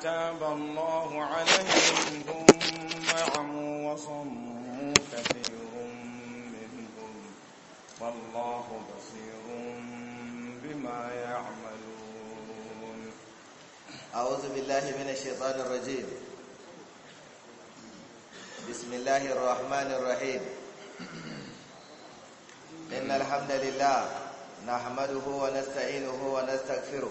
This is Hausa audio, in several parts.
فتاب الله عليهم ثم عموا وصموا كثير منهم والله بصير بما يعملون أعوذ بالله من الشيطان الرجيم بسم الله الرحمن الرحيم إن الحمد لله نحمده ونستعينه ونستغفره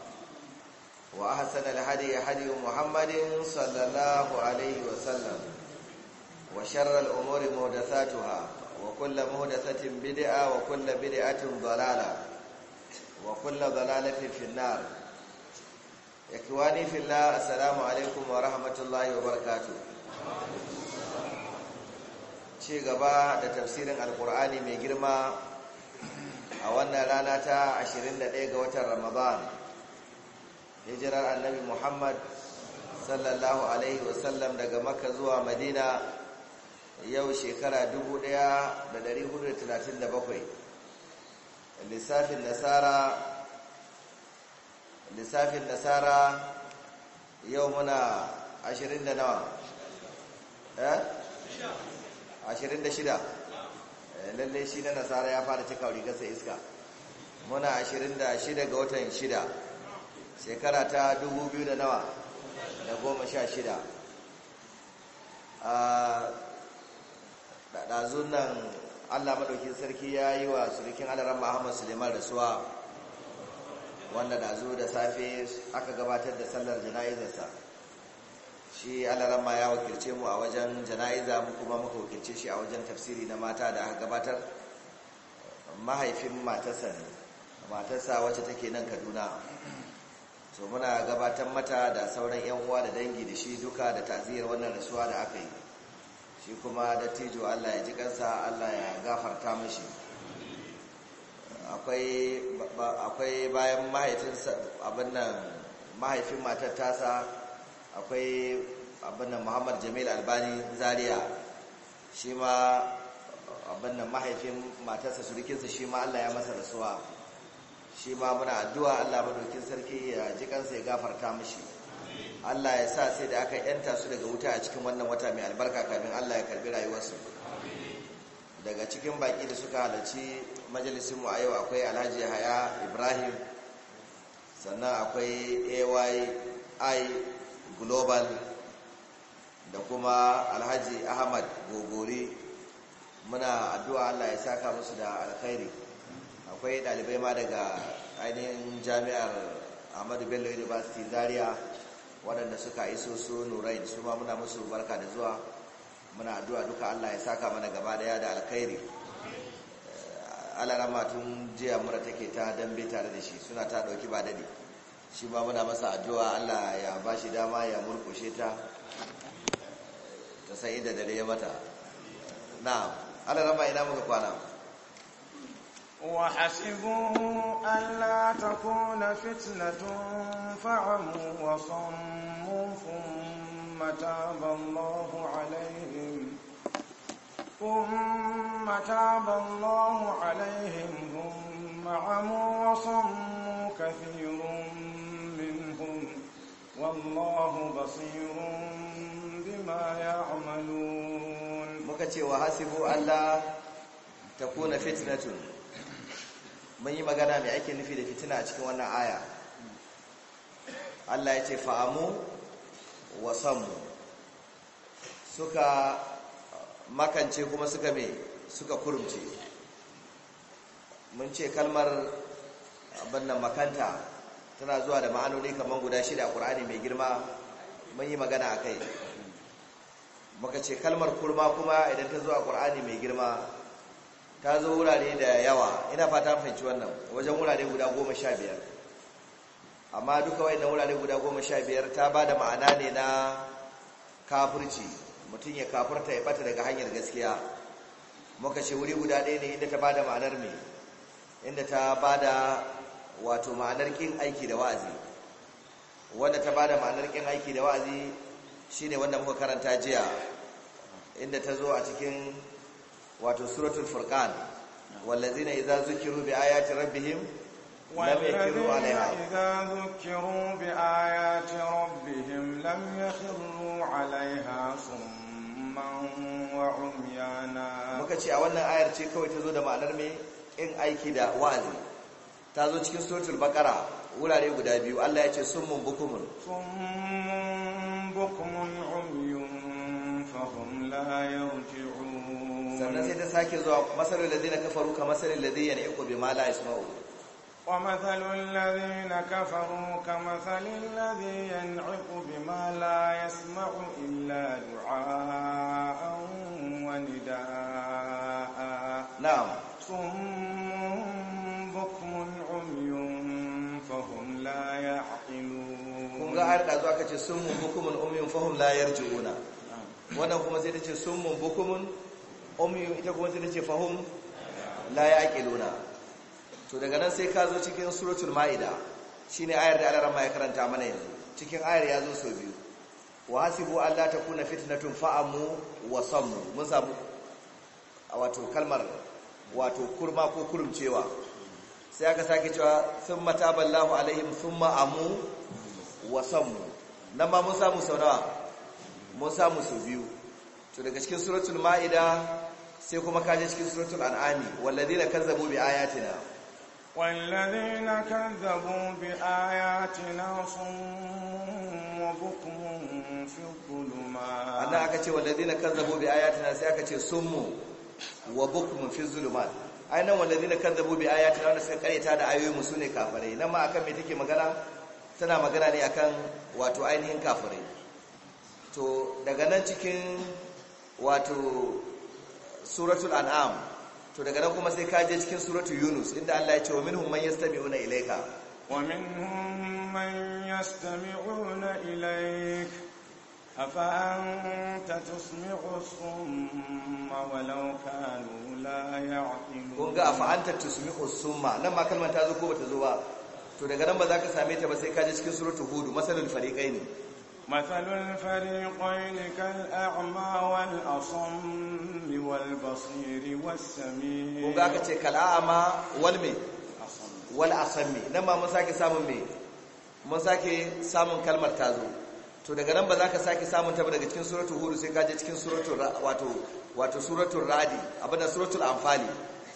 وأحسن الهدي هدي محمد صلى الله عليه وسلم وشر الأمور مهدثاتها وكل مهدثة بدعة وكل بدعة ضلالة وكل ضلالة في النار إخواني في الله السلام عليكم ورحمة الله وبركاته ci gaba da tafsirin alkur'ani mai girma a wannan rana ta 21 ga watan ramadan hijirar annabi muhammad sallallahu alaihi wasallam daga maka zuwa madina yau shekara 1437 lissafin nasara lissafin nasara yau muna 20 da nawa eh 26 eh, lalle shi na nasara ya fara cika wuri gasa iska muna 26 ga watan 6 shekara ta dubu biyu da nawa da goma sha shida a ɗazun nan allah maɗaukin sarki ya yi wa surukin alaran muhammad suleiman da suwa wanda ɗazu da safe aka gabatar da sallar jana'izarsa shi alaran ma ya wakilce mu a wajen jana'iza kuma muka wakilce shi a wajen tafsiri na mata da aka gabatar mahaifin matarsa ne matarsa wacce take nan kaduna so muna gabatar mata da sauran yan uwa da dangi da shi duka da taziyar wannan rasuwa da aka yi shi kuma dattijo Allah ya ji kansa Allah ya gafarta mashi akwai bayan mahaifin abinnan mahaifin matar tasa akwai abin Muhammad Jamil Albani Zaria shi ma abin mahaifin matarsa surikinsa shi ma Allah ya masa rasuwa shi ma muna addu'a Allah madaukin sarki ya ji kansa ya gafarta mishi Allah ya sa sai da aka yanta su daga wuta a cikin wannan wata mai albarka kafin Allah ya karbi rayuwarsu daga cikin baki da suka halarci majalisin mu a yau akwai Alhaji Haya Ibrahim sannan akwai AYI Global da kuma Alhaji Ahmad Gogori muna addu'a Allah ya saka musu da alkhairi akwai dalibai ma daga ainihin jami'ar ahmadu bello university zaria waɗanda suka iso su nurain su ma muna musu barka da zuwa muna addu'a duka allah ya saka mana gaba ɗaya da alkhairi eh, alarama tun jiya mura take ta dambe tare da shi suna ta ɗauki ba daɗi. shi ma muna masa addu'a allah ya ba shi dama ya murkushe ta ta san inda dare ya mata na alarama ina muka kwana وحسبوا ألا تكون فتنة فعموا وصموا ثم تاب الله عليهم ثم تاب الله عليهم ثم عموا وصموا كثير منهم والله بصير بما يعملون muka ce wa hasibu Allah takuna fitnatun mun yi magana mai ake nufi da fitina a cikin wannan aya Allah ya ce fa'amu wa sammu suka makance kuma suka me suka kurumce mun ce kalmar abin nan makanta tana zuwa da ma'anoni kamar guda shida a ƙura'ani mai girma mun yi magana a kai muka ce kalmar kurma kuma idan ta zuwa ƙura'ani mai girma ta zo wurare da yawa ina fata fahimci wannan wajen wurare guda goma sha biyar amma duka wa'in wurare guda goma sha biyar ta ba da ma'ana ne na kafirci mutum ya kafirta ya bata daga hanyar gaskiya muka ce wuri guda ɗaya ne inda ta ba da ma'anar mai inda ta ba da wato ma'anar kin aiki da wa'azi wanda ta ba da ma'anar kin aiki da wa'azi shine wanda muka karanta jiya inda ta zo a cikin wato suratul furqan wallazina idza zukiru bi ayati rabbihim lam yakhiru alaiha idza zukiru bi ayati rabbihim lam yakhiru alaiha summan wa umyana muka ce a wannan ayar ce kawai ta zo da ma'anar me in aiki da wa'azi ta zo cikin suratul baqara wurare guda biyu Allah ya ce summun bukumun summun bukumun umyun fahum la yarjun sannan sai ta sake zuwa masalul ladina kafaru ka masalul ladina yaqu bima la yasma'u wa mathalul ladina kafaru ka mathalil ladhi yan'iqu bima la yasma'u illa du'aan wa nidaa na'am summun bukmun umyun fahum la ya'qilun kun ga har da zuwa kace summun bukmun umyun fahum la yarjuuna wannan kuma sai ta ce summun bukumun umyun ita kuma sai ta ce fahum la yaqiluna to daga nan sai ka zo cikin suratul maida shine ayar da Allah ya karanta mana yanzu cikin ayar ya zo sau biyu wa hasibu alla takuna fitnatun fa'amu wa sammu mun samu wato kalmar wato kurma ko kurumcewa sai aka sake cewa sun mataballahu alaihim sun ma'amu wa sammu nan ma mun samu sau nawa mun samu sau biyu to daga cikin suratul ma'ida sai kuma kaje cikin suratul an'ami walladina kazzabu bi ayatina walladina kazzabu bi ayatina sun wa bukmun fi dhulumat Allah aka ce walladina kazzabu bi ayatina sai aka ce summu wa bukmun fi dhulumat ainan walladina kazzabu bi ayatina wanda suka kareta da ayoyin mu sune kafirai nan ma akan me take magana tana magana ne akan wato ainihin kafirai to daga nan cikin wato suratul an'am to daga nan kuma sai ka je cikin suratul yunus inda Allah ya ce wa minhum man yastami'una ilayka wa minhum man yastami'una ilayk afa anta tusmi'u summa walau kanu la ya'qilun kun ga afa anta tusmi'u summa nan ma kalmar ta zo ko bata zo ba to daga nan ba za ka same ta ba sai ka je cikin suratul hud masalul fariqaini مثل الفريقين كالأعمى والأصم والبصير والسميع وقاك تي كالأعمى والمي والأصم نما مساكي سامن بي مساكي سامن كالمر تازو to daga nan ba za ka sake samun ta daga cikin suratul hud sai ka je cikin suratul wato wato suratul radi abinda suratul anfali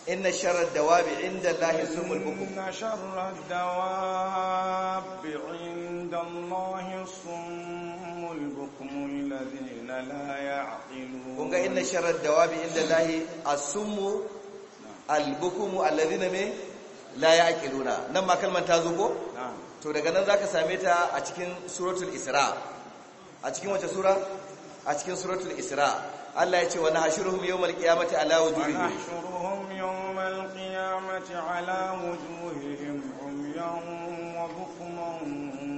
inna sharar dawabi inda Allah sumul bukum inna sharar dawabi inda Allah sumul kun ga inna sharar dawabi inda lahi asummu albukumu alladhina me la yaqiluna nan ma kalman ta zo ko to daga nan zaka same ta a cikin suratul isra a cikin wace sura a cikin suratul isra Allah ya ce wa nahshuruhum yawmal qiyamati ala wujuhihim nahshuruhum yawmal qiyamati ala wujuhihim umyan wa bukman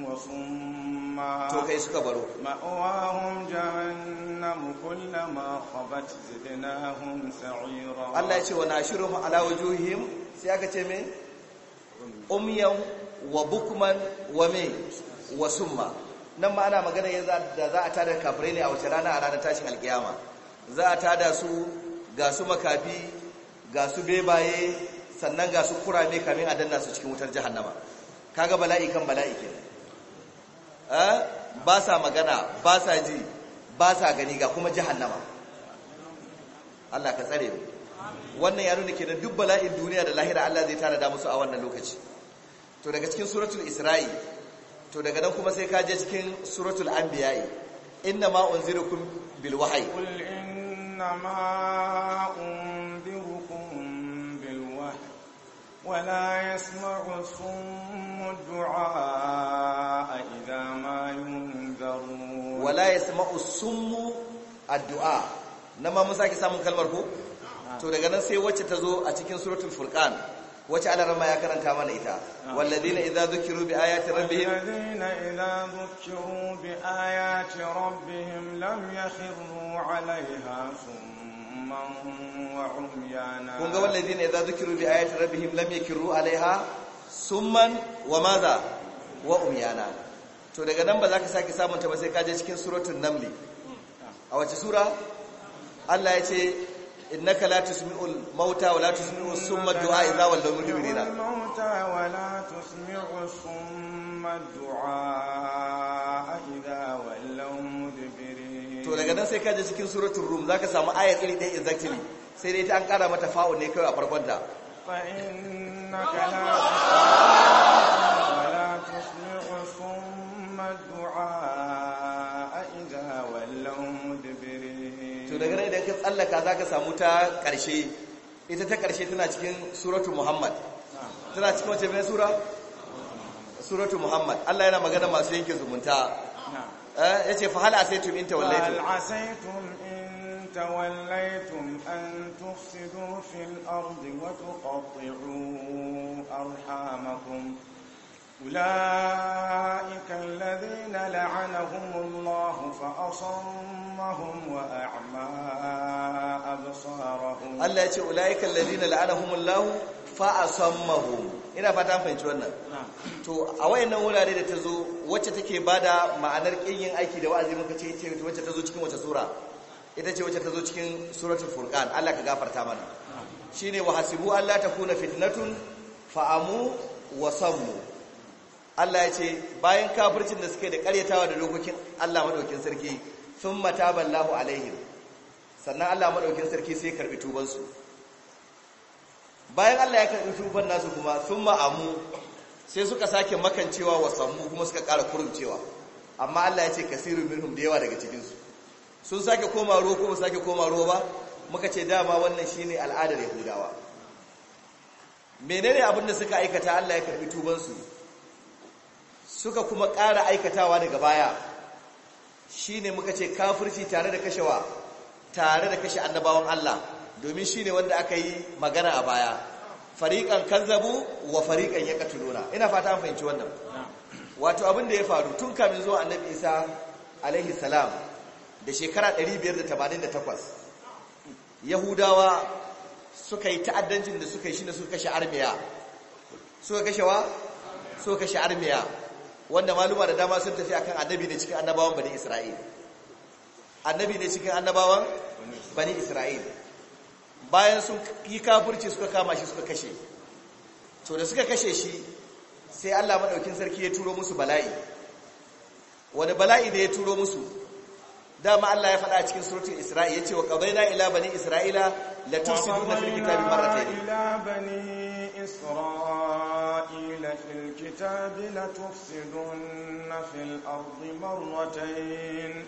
wa sum to kai suka baro ma'awahum jahannam kullama khabat zidnahum sa'ira Allah ya ce wa nashiruhum ala wujuhihim sai aka ce me umyan wa bukman wa me wa summa nan ma ana magana yanzu da za a tada kafirai ne a wace rana a ranar tashin alkiyama za a tada su ga su makafi ga su bebaye sannan ga su kurame kamin a danna su cikin wutar jahannama kaga bala'i kan bala'i ba sa magana ba sa ji ba sa gani ga kuma jahannama Allah ka tsare mu wannan ya nuna kenan duk bala'in duniya da lahira Allah zai tana da musu a wannan lokaci to daga cikin suratul isra'i to daga nan kuma sai ka je cikin suratul ambiyai inna ma unzirukum bil wahyi qul inna ولا يسمع الصم الدعاء إذا ما ينذرون ولا يسمع الصم الدعاء نما مساكي سامن كلمة ko to daga nan sai wacce ta zo a cikin suratul furqan wacce Allah rama ya karanta mana ita walladina idza dhukiru bi ayati rabbihim walladina idza dhukiru bi ayati rabbihim lam yakhiru 'alayha summa kun ga بكما وعميانا كون قول الذين إذا ذكروا بآيات ربهم لم يكروا wa maza وماذا وعميانا to daga nan ba za ka sake samun ta ba sai ka je cikin suratul namli a wace sura Allah ya ce innaka la tusmi'ul mauta wa la tusmi'u summa du'a idza wallaw mudbirina mauta wa la tusmi'u summa du'a idza wallaw to daga nan sai ka je cikin suratul rum zaka samu ayar iri ɗaya exactly sai dai ta an ƙara mata fa'u ne kawai a farkon ta to daga nan idan ka tsallaka zaka samu ta ƙarshe ita ta ƙarshe tana cikin suratul muhammad tana cikin wace mai sura suratul muhammad Allah yana magana masu yanke zumunta yace fa hal asaytum in tawallaytum hal asaytum in tawallaytum an tufsidu fil ardi wa tuqatti'u arhamakum أولئك الذين لعنهم الله فأصمهم وأعمى أبصارهم الله يقول أولئك الذين لعنهم الله فأصمهم ina fata an fahimci wannan to a wayannan wurare da ta zo wacce take bada ma'anar kinyin aiki da wa'azi muka ce ce wacce ta zo cikin wace sura ita ce wacce ta zo cikin suratul furqan Allah ka gafarta mana shine wa hasibu ta kuna fitnatun fa'amu wa sammu Allah ya ce bayan kafircin da suke da karyatawa da dokokin Allah madaukin sarki thumma taballahu alaihim sannan Allah madaukin sarki sai karbi tubansu bayan Allah ya karɓi tufan nasu kuma sun ma'amu sai suka sake makancewa wa samu kuma suka ƙara kurumcewa amma Allah ya ce kasirun minhum da yawa daga cikinsu sun sake koma ruwa kuma sake koma ruwa ba muka ce dama wannan shine al'adar yahudawa menene abin da suka aikata Allah ya karɓi tubansu suka kuma ƙara aikatawa daga baya shine muka ce kafirci tare da kashewa tare da kashe annabawan Allah domin shi ne wanda aka yi magana a baya fariƙan kanzabu wa fariƙan ya katuluna ina fata an fahimci wannan wato abin da ya faru tun kamin zuwa annabi isa alaihi salam da shekara 588 yahudawa suka yi ta'addancin da suka yi shi ne suka kashe armiya suka kashe wa suka kashe armiya wanda maluma da dama sun tafi akan annabi ne cikin annabawan bani isra'il annabi ne cikin annabawan bani isra'il bayan sun yi kafurci suka kama shi suka kashe to da suka kashe shi sai Allah madaukin sarki ya turo musu bala'i wani bala'i da ya turo musu dama Allah ya faɗa cikin suratul isra'i yace wa qadaina ila bani isra'ila la tusiduna fil kitabi marratayn ila bani isra'ila fil kitabi la fil ardi marratayn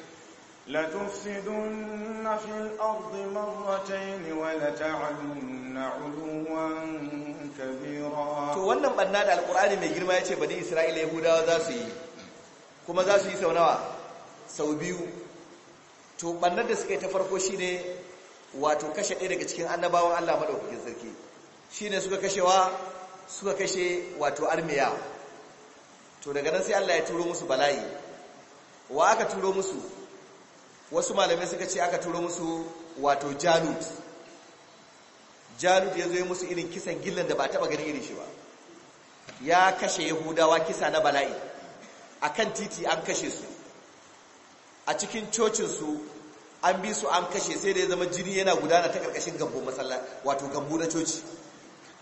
لتفسدن في الأرض مرتين ولتعلن علوا كبيرا to wannan banna da alqur'ani mai girma yace bani isra'ila yahudawa za su yi kuma za su yi sau nawa sau biyu to bannar da suka yi ta farko shine wato kashe ɗaya daga cikin annabawan Allah madaukakin sarki shine suka kashewa suka kashe wato armiya to daga nan sai Allah ya turo musu bala'i wa aka turo musu wasu malamai suka ce aka turo musu wato jalut jalut ya zo musu irin kisan gillan da ba taba ganin irin shi ba ya kashe yahudawa kisa na bala'i a kan titi an kashe su a cikin cocinsu an bi su an kashe sai da ya zama jini yana gudana ta ƙarƙashin gambo masalla wato gambo na coci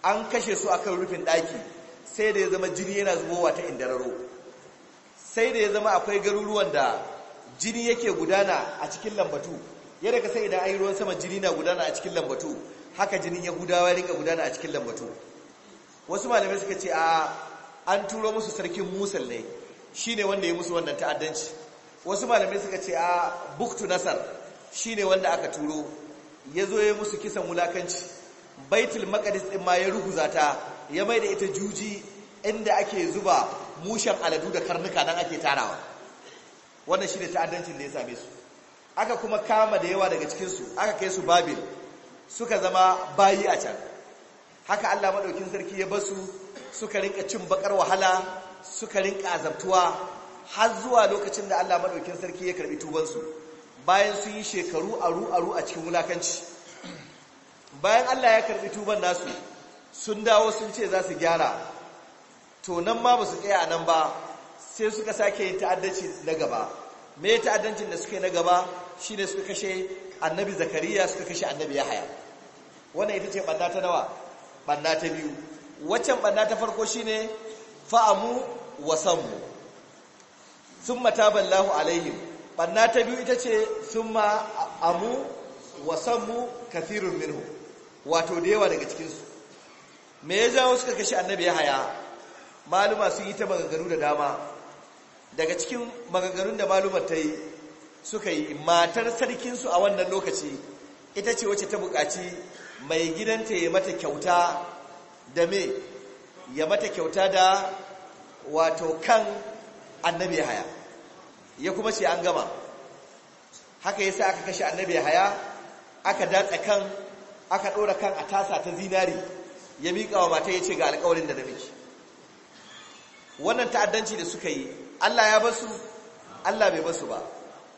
an kashe su akan rufin ɗaki sai da ya zama jini yana zubowa ta indararo sai da ya zama akwai garuruwan da jini yake gudana a cikin lambatu yadda ka sai idan ayi ruwan sama jini na gudana a cikin lambatu haka jinin ya gudawa ya gudana a cikin lambatu wasu malamai suka ce a an turo musu sarkin musul ne shine wanda ya musu wannan ta'addanci wasu malamai suka ce a buktu nasar shine wanda aka turo ya zo ya musu kisan wulakanci baitul maqdis din ma ya ruhu ta ya mai da ita juji inda ake zuba mushen aladu da karnuka nan ake tarawa wannan shi ne ta'addancin da ya same su aka kuma kama da yawa daga cikinsu aka kai su babil suka zama bayi a can haka allah maɗaukin sarki ya basu suka rinka cin bakar wahala suka rinka azabtuwa har zuwa lokacin da allah maɗaukin sarki ya karɓi tubansu bayan sun yi shekaru aru aru a cikin wulakanci bayan allah ya karɓi tuban nasu sun dawo sun ce za su gyara to nan ma ba su tsaya a nan ba sai suka sake yin ta'addanci na gaba me ta'addancin da suka yi na gaba shine suka kashe annabi zakariya suka kashe annabi yahaya wannan ita ce ɓanna ta nawa Ɓanna ta biyu waccan ɓanna ta farko shi ne fa'amu wa sun mata ballahu alaihim ɓanna ta biyu ita ce thumma amu wa sanmu kafirun minhu wato da yawa daga cikinsu me ya jawo suka kashe annabi yahaya maluma sun yi ta maganganu da dama daga cikin maganganun da maluma ta yi suka yi matar sarkinsu a wannan lokaci ita ce wacce ta bukaci mai gidanta ya mata kyauta da me ya mata kyauta da wato kan annabi haya ya kuma ce an gama haka yasa aka kashe annabi haya aka datsa kan aka ɗora kan a tasa ta zinari ya miƙa wa mata ya ce ga alƙawarin da na miki wannan ta'addanci da suka yi Allah ya basu Allah bai basu ba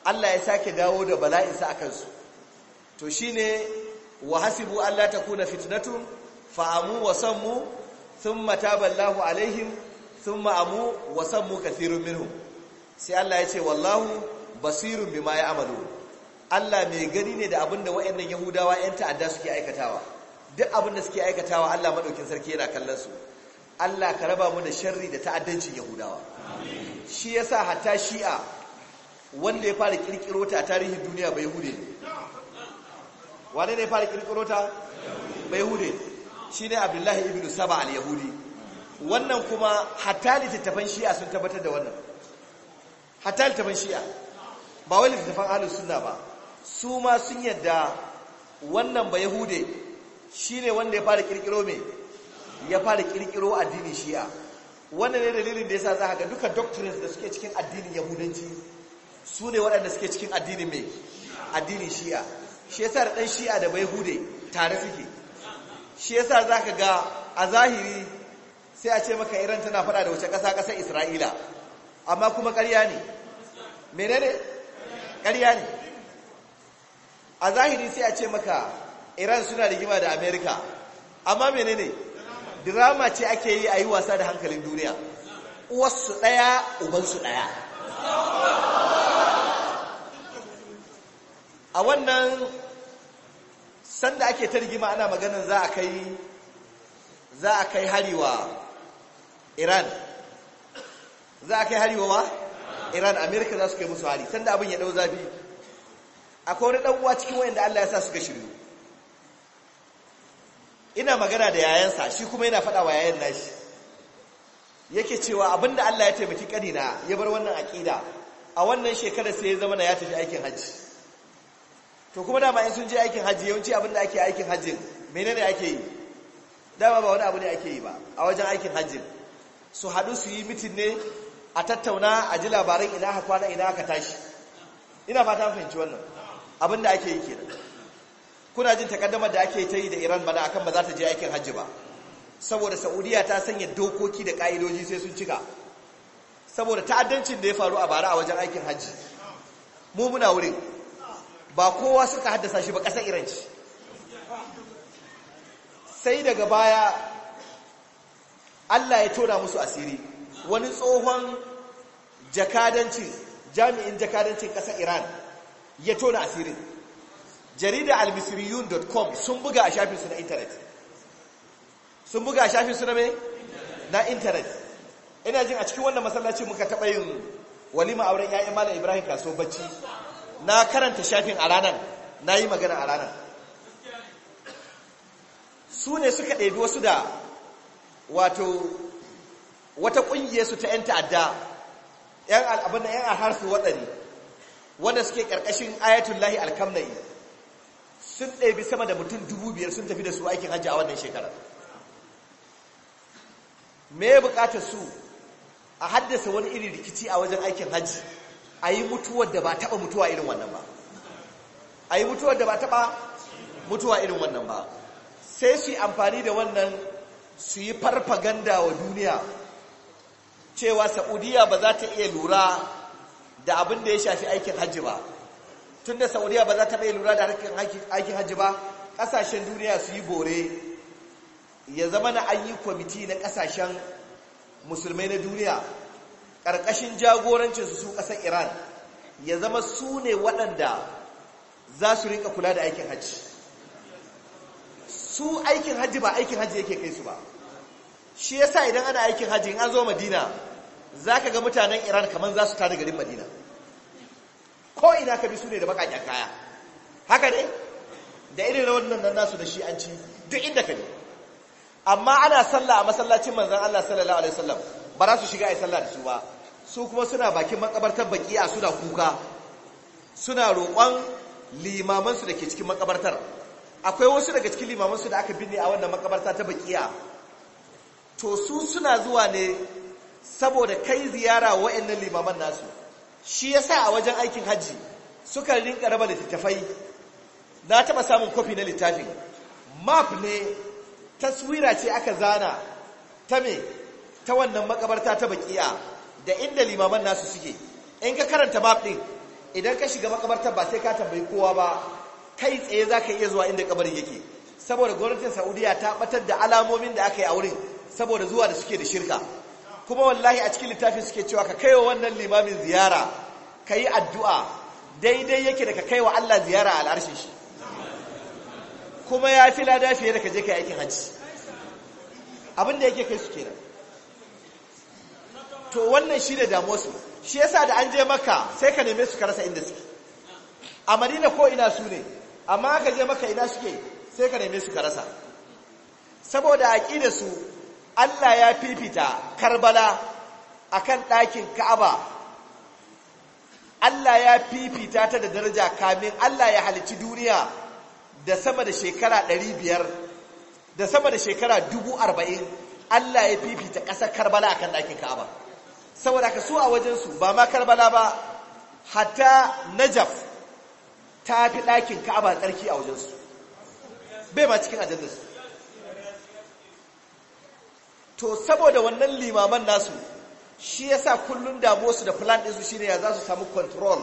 Allah ya sake dawo da bala'insa a kansu to shine wa hasibu Allah takuna fitnatun fa'amu wa sun thumma taballahu alaihim thumma amu wa sammu kathirun minhum sai Allah ya ce wallahu basirun bima ya'malu Allah mai gani ne da abinda waɗannan Yahudawa 'yan ta'adda suke aikatawa duk abinda suke aikatawa Allah madaukin sarki yana kallon su Allah ka raba mu da sharri da ta'addancin Yahudawa shi yasa hatta shi'a wanda ya fara kirkiro ta a tarihin duniya bai hude ne wane ne ya fara kirkiro ta bai hude shine Abdullahi ibn Saba al-Yahudi wannan kuma hatta littattafan shi'a sun tabbatar da wannan hatta littattafan shi'a ba wai littattafan ahlus sunna ba su ma sun yadda wannan hude. Shi shine wanda ya fara kirkiro mai ya fara kirkiro addinin shi'a wannan ne dalilin da sa za ka ga duka doctrines da suke cikin addinin yahudanci su ne waɗanda suke cikin addinin mai addinin shi'a shi yasa da ɗan shi'a da bai hude tare suke shi yasa za ka ga a zahiri sai a ce maka iran tana faɗa da wace ƙasa ƙasar isra'ila amma kuma ƙarya ne menene ƙarya ne a zahiri sai a ce maka iran suna rigima da amerika amma menene ne drama ce ake yi a yi wasa da hankalin duniya uwarsu ɗaya ubansu ɗaya a wannan sanda ake ta rigima ana maganin za a kai za a kai hariwa iran za a kai hariwa wa iran amerika za su kai musu hari sanda abin ya ɗau zafi akwai wani ɗan uwa cikin wayanda allah ya sa ga shiru. ina magana da yayansa shi kuma yana faɗa wa yayan nashi yake cewa abinda Allah ya taimaki ƙanina ya bar wannan aƙida a wannan shekarar sai ya zama na ya tafi aikin hajji to kuma dama in sun je aikin hajji yawanci abinda ake aikin hajjin menene ake yi dama ba wani abu ne ake yi ba a wajen aikin hajjin su haɗu su yi mitin ne a tattauna a ji labarin ina haka kwana ina haka tashi ina fata fahimci wannan abinda ake yi kenan kuna jin takaddamar da ake ta yi da Iran bana akan ba za ta je aikin hajji ba saboda Saudiya ta sanya dokoki da ka'idoji sai sun cika saboda ta'addancin da ya faru a bara a wajen aikin hajji mu muna wurin ba kowa suka haddasa shi ba ƙasar Iran sai daga baya Allah ya tona musu asiri wani tsohon jakadancin jami'in jakadancin ƙasar Iran ya tona asirin jarida almisiriyun.com sun buga a shafinsu na intanet sun buga a shafinsu na mai na intanet ina jin a cikin wannan masallaci muka taɓa yin walima auren ya'yan malam ibrahim kaso bacci na karanta shafin a ranar na yi magana a ranar su ne suka ɗabi wasu da wato wata ƙungiyarsu ta 'yan ta'adda 'yan al'abin da 'yan harsu waɗani wanda suke ƙarƙashin ayatullahi alkamnai sun ɗabi sama da mutum dubu biyar sun tafi da su aikin hajji a wannan shekarar me ya bukatar su a haddasa wani irin rikici a wajen aikin hajji a yi mutuwar da ba taɓa mutuwa irin wannan ba a yi mutuwar da ba taɓa mutuwa irin wannan ba sai su yi amfani da wannan su yi farfaganda wa duniya cewa saudiya ba za ta iya lura da abin da ya shafi aikin hajji ba tunda saudiya ba za ta bai lura da harkar aikin hajji ba kasashen duniya su yi bore ya zama na an yi kwamiti na kasashen musulmai na duniya ƙarƙashin jagorancinsu su ƙasar iran ya zama su ne waɗanda za su rinka kula da aikin hajji su aikin hajji ba aikin hajji yake kai su ba shi yasa idan ana aikin hajji in an zo madina za ka ga mutanen iran kamar za su tare garin madina ko ina ka bi su ne da bakaƙen kaya haka ne da irin wannan nan nasu da shi an ci duk inda ka bi amma ana sallah a masallacin manzan Allah sallallahu alaihi wasallam ba za su shiga a yi sallah da su ba su kuma suna bakin makabartar baki a suna kuka suna roƙon limamansu da ke cikin makabartar akwai wasu daga cikin limamansu da aka binne a wannan makabarta ta bakiya to su suna zuwa ne saboda kai ziyara wa'annan limaman nasu shi ya sa a wajen aikin hajji suka rinka raba littattafai na taɓa samun kofi na littafin map ne taswira ce aka zana ta me ta wannan makabarta ta bakiya da inda limaman nasu suke in ka karanta map ɗin idan ka shiga makabartar ba sai ka tambayi kowa ba kai tsaye za ka iya zuwa inda kabarin yake saboda gwamnatin saudiya ta batar da alamomin da aka yi a wurin saboda zuwa da suke da shirka kuma wallahi a cikin littafin suke cewa ka kaiwa wannan limamin ziyara ka yi addu'a daidai yake da ka kaiwa Allah ziyara a al'arshin shi kuma ya fi lada fiye da ka je ka yi aikin hajji abinda yake kai suke da. to wannan shi ne damosu shi yasa da an je maka sai ka neme su ka rasa inda suke a madina ko ina su ne amma ka je maka ina suke sai ka neme su ka rasa saboda aƙi da su Allah ya fifita Karbala akan ɗakin Ka'aba Allah ya fifita ta da daraja kamin Allah ya halici duniya da sama da shekara 500 da sama da shekara 40 Allah ya fifita ƙasar Karbala akan ɗakin Ka'aba saboda ka so a wajensu ba ma Karbala ba hatta Najaf ta fi ɗakin Ka'aba tsarki a wajensu bai ma cikin ajandarsu to saboda wannan limaman nasu shi sa kullum damuwarsu da plan ɗinsu shi ne ya za su samu control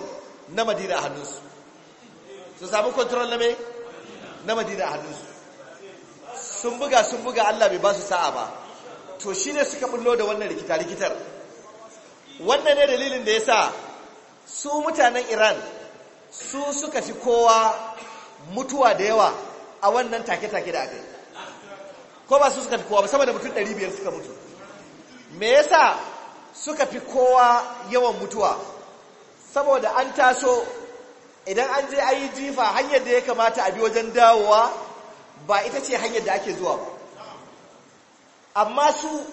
na madina a hannunsu su samu control na mai na madina a hannunsu sun buga sun buga Allah bai ba su sa'a ba to shi ne suka bullo da wannan rikita rikitar wannan ne dalilin da ya sa su mutanen Iran su suka fi kowa mutuwa da yawa a wannan take take da aka yi ko ba su suka fi kowa ba sama da mutum 500 suka mutu me yasa suka fi kowa yawan mutuwa saboda an taso idan an je ayi jifa hanyar da ya kamata a bi wajen dawowa ba ita ce hanyar da ake zuwa ba amma su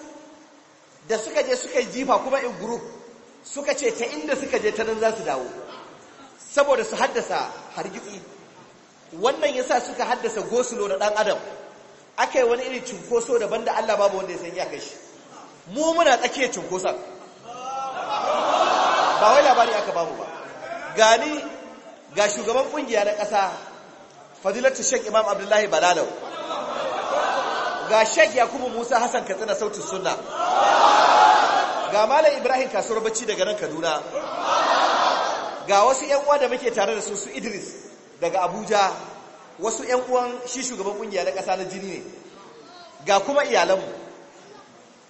da suka je suka yi jifa kuma in group suka ce ta inda suka je ta nan za su dawo saboda su haddasa hargitsi wannan yasa suka haddasa gosulo na dan adam aka yi wani iri cunkoso daban da Allah babu wanda ya san iyakar shi mu muna tsakiyar cunkoson ba wai labari aka babu ba gani ga shugaban kungiya na ƙasa fadilatu shek imam abdullahi balalau ga shek yakubu musa hassan katsina sautin sunna ga malam ibrahim kasuwar bacci daga nan kaduna ga wasu yan uwa da muke tare da su su idris daga abuja wasu ‘yan uwan shi shugaban ƙungiya na ƙasa na jini ne ga kuma iyalanmu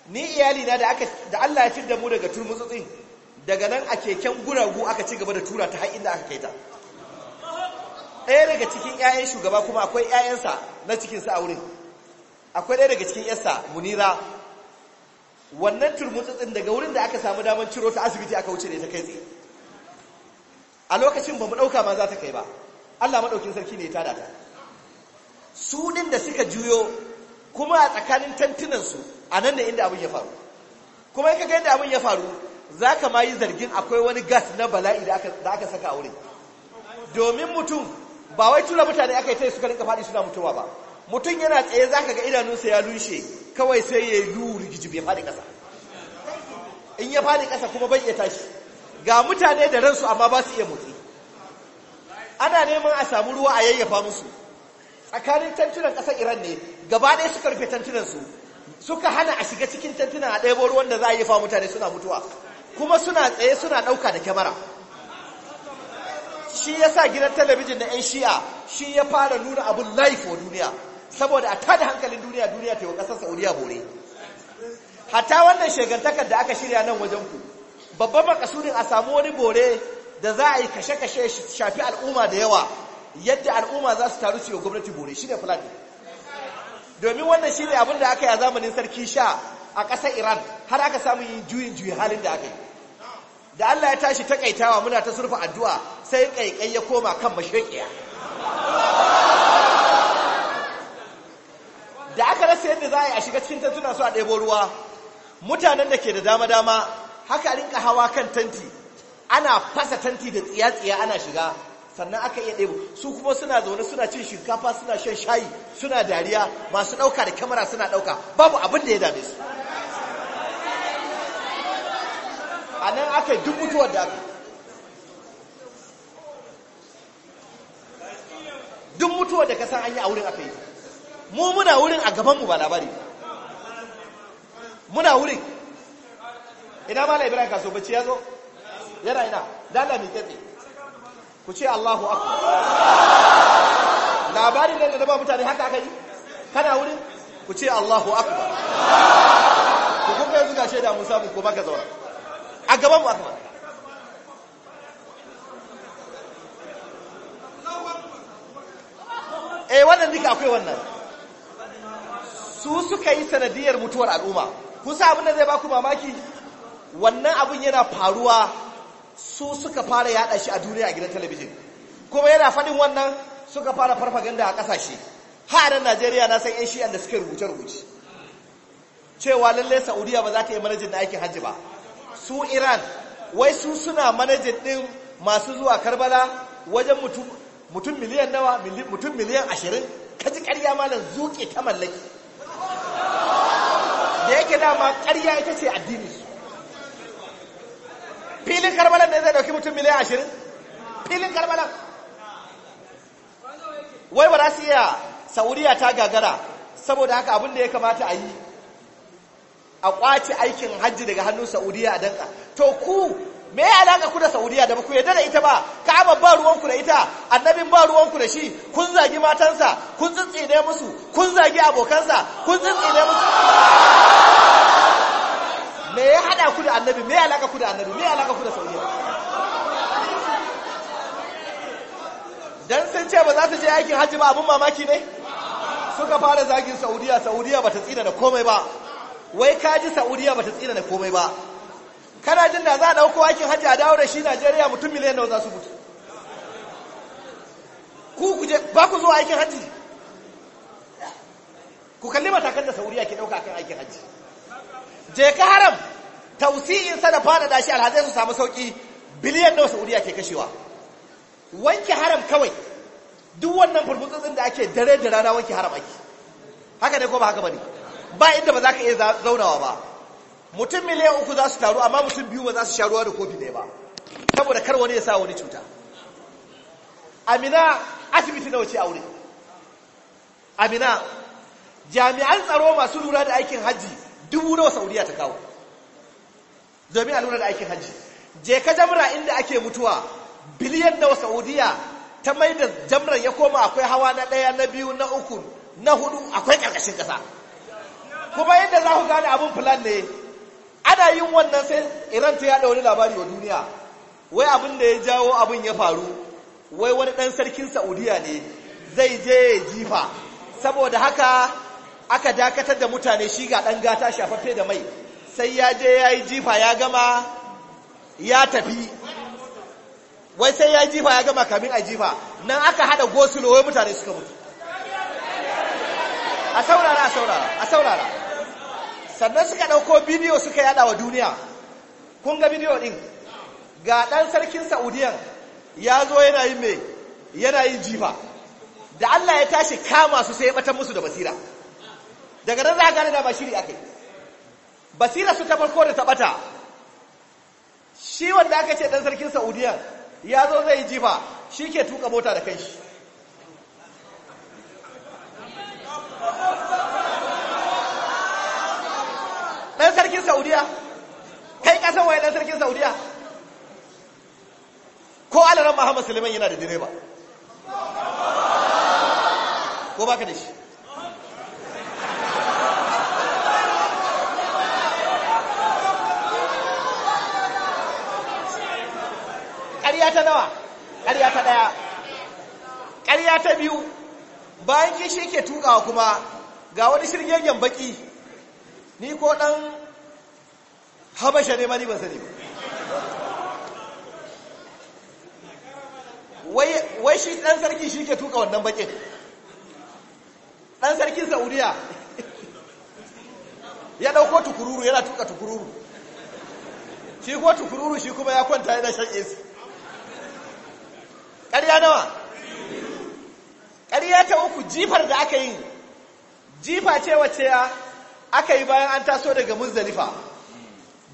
ni iyalina da da Allah ya fi da mu daga turmutsutsin daga nan a keken guragu aka ci gaba da tura ta har da aka kai ta ɗaya daga cikin 'ya'yan shugaba kuma akwai 'ya'yansa na cikinsa a wurin akwai ɗaya daga cikin 'yarsa munira wannan turmutsutsin daga wurin da aka samu damar ciro ta asibiti aka wuce ne ta kai tsaye a lokacin ba mu ɗauka ma za ta kai ba Allah maɗaukin sarki ne ya tada ta su ɗin da suka juyo kuma a tsakanin tantunansu a nan da inda abin ya faru kuma in kaga yadda abin ya faru za ka ma yi zargin akwai wani gas na bala'i da aka saka a wurin domin mutum ba wai tura mutane aka yi ta suka rinka faɗi suna mutuwa ba mutum yana tsaye za ka ga idanunsa ya lunshe kawai sai ya yi duhu rigiji bai faɗi ƙasa in ya faɗi ƙasa kuma bai iya tashi ga mutane da ransu amma ba su iya motsi neman a samu ruwa a yayyafa musu tsakanin tantunan kasar iran ne gaba ɗaya suka rufe tantunansu suka hana a shiga cikin tantunan a ɗaya ruwan da za a yi fa mutane suna mutuwa kuma suna tsaye suna ɗauka da kyamara shi ya sa gidan talabijin na 'yan shi'a shi ya fara nuna abin laifo wa duniya saboda a tada hankalin duniya duniya ta yi wa ƙasar saudiya bore hatta wannan shagantakar da aka shirya nan wajen ku babban makasudin a samu wani bore da za a yi kashe-kashe shafi al'umma da yawa yadda al'umma za su taru cewa gwamnati bore shi ne ne. domin wannan shi ne abin da aka yi zamanin sarki sha a ƙasar iran har aka samu yin juyin juyi halin da aka yi da allah ya tashi ta ƙaitawa muna ta surfa addu'a sai ƙaiƙai ya koma kan mashaƙiya da aka rasa yadda za a yi a shiga cikin tantuna su a ɗebo ruwa mutanen da ke da dama-dama haka rinka hawa kan tanti ana fasa tanti da tsiya-tsiya ana shiga sannan aka iya ɗebo su kuma suna zaune suna cin shinkafa suna shan shayi suna dariya masu ɗauka da kyamara suna ɗauka babu abin da ya dame su a nan aka yi duk mutuwar da aka duk mutuwar da ka san an yi a wurin aka yi mu muna wurin a gabanmu ba labari muna wurin ina mala ibrahim kaso bacci ya zo yana ina dala mai katse ku ce Allahu akbar labarin da da ba mutane haka aka yi kana wurin ku ce Allahu akbar ku kuma yanzu ga shaida Musa ko baka zauna a gaban mu akbar eh wannan duka akwai wannan su suka yi sanadiyar mutuwar al'umma kusa abin da zai baku mamaki wannan abin yana faruwa su suka fara yada shi a duniya a gidan talabijin kuma yana faɗin wannan suka fara farfaganda a ƙasashe har Najeriya na san 'yan shi'an da suka rubuce-rubuce cewa lallai Saudiya ba za ta yi manajin da aikin hajji ba su Iran wai su suna manajin ɗin masu zuwa Karbala wajen mutum miliyan nawa mutum miliyan ashirin Ka ji ƙarya malam zuƙe ta mallaki da yake dama ƙarya ita ce addini su filin karbalan ne zai dauki mutum miliyan ashirin filin karbalan wai ba za su iya saudiya ta gagara saboda haka abin da ya kamata a yi a kwace aikin hajji daga hannun saudiya a danka to ku me ya alaka ku da saudiya da ba ku yadda da ita ba ka'aba ba ruwanku da ita annabin ba ruwanku da shi kun zagi matansa kun tsintsine musu kun zagi abokansa kun tsintsine musu me ya hada ku da annabi me ya alaka ku da annabi me ya alaka ku da saudiya dan sun ce ba za su je aikin hajji ba abun mamaki ne suka fara zagin saudiya saudiya ba ta tsira da komai ba wai ka ji saudiya ba ta tsira da komai ba kana jin da za a dauko aikin hajji a dawo da shi najeriya mutum miliyan nawa za su mutu ku ku je ba ku zo aikin hajji ku kalli matakan da saudiya ke dauka kan aikin hajji je ka haram tausiyin sa da fada shi alhazai su samu sauki biliyan nawa Saudiya ke kashewa wanke haram kawai duk wannan furfutsutsun da ake dare da rana wanke haram ake haka ne ko ba haka bane ba inda ba za ka iya zaunawa ba mutum miliyan uku za su taru amma mutum biyu ba za su sha ruwa da kofi ɗaya ba saboda kar wani ya sa wani cuta amina asibiti nawa ce aure amina jami'an tsaro masu lura da aikin hajji dubu nawa saudiya ta kawo domin a nuna da aikin hajji je ka jamra inda ake mutuwa biliyan nawa saudiya ta mai da jamrar ya koma akwai hawa na ɗaya na biyu na uku na hudu akwai ƙarƙashin ƙasa kuma yadda za ku gane abin filan ne ana yin wannan sai iran ta yaɗa wani labari wa duniya wai abin da ya jawo abin ya faru wai wani ɗan sarkin saudiya ne zai je jifa saboda haka aka dakatar da mutane shi ga ɗan gata shafaffe da mai sai ya je ya yi jifa ya gama ya tafi wai sai ya yi jifa ya gama kamin a jifa nan aka haɗa gosulo wai mutane suka mutu a saurara a saurara a saurara sannan suka ɗauko bidiyo suka yada wa duniya kun ga bidiyo ɗin ga ɗan sarkin saudiyan ya zo yana yin mai yana yin jifa da allah ya tashi kama su sai ya ɓatan musu da basira daga nan za a gane da ba shiri ake. basira su ta farko da ta shi wanda aka ce dan sarkin saudiya ya zo zai yi jifa shi ke tuka mota da kai shi dan sarkin saudiya kai kasan waye dan sarkin saudiya ko alaran muhammad suleiman yana da direba ko baka da shi ƙarya ta nawa ƙarya ta ɗaya ƙarya ta biyu bayan kishi ke tukawa kuma ga wani shirgen baki ni ko ɗan habashe ne mani ba sani wai shi ɗan sarki shi ke tuka wannan bakin ɗan sarki saudiya ya ɗauko tukururu yana tuka tukururu shi ko tukururu shi kuma ya kwanta yana shan esi ƙarya nawa ƙarya ta uku jifar da aka yi jifa ce wace aka yi bayan an taso daga muzdalifa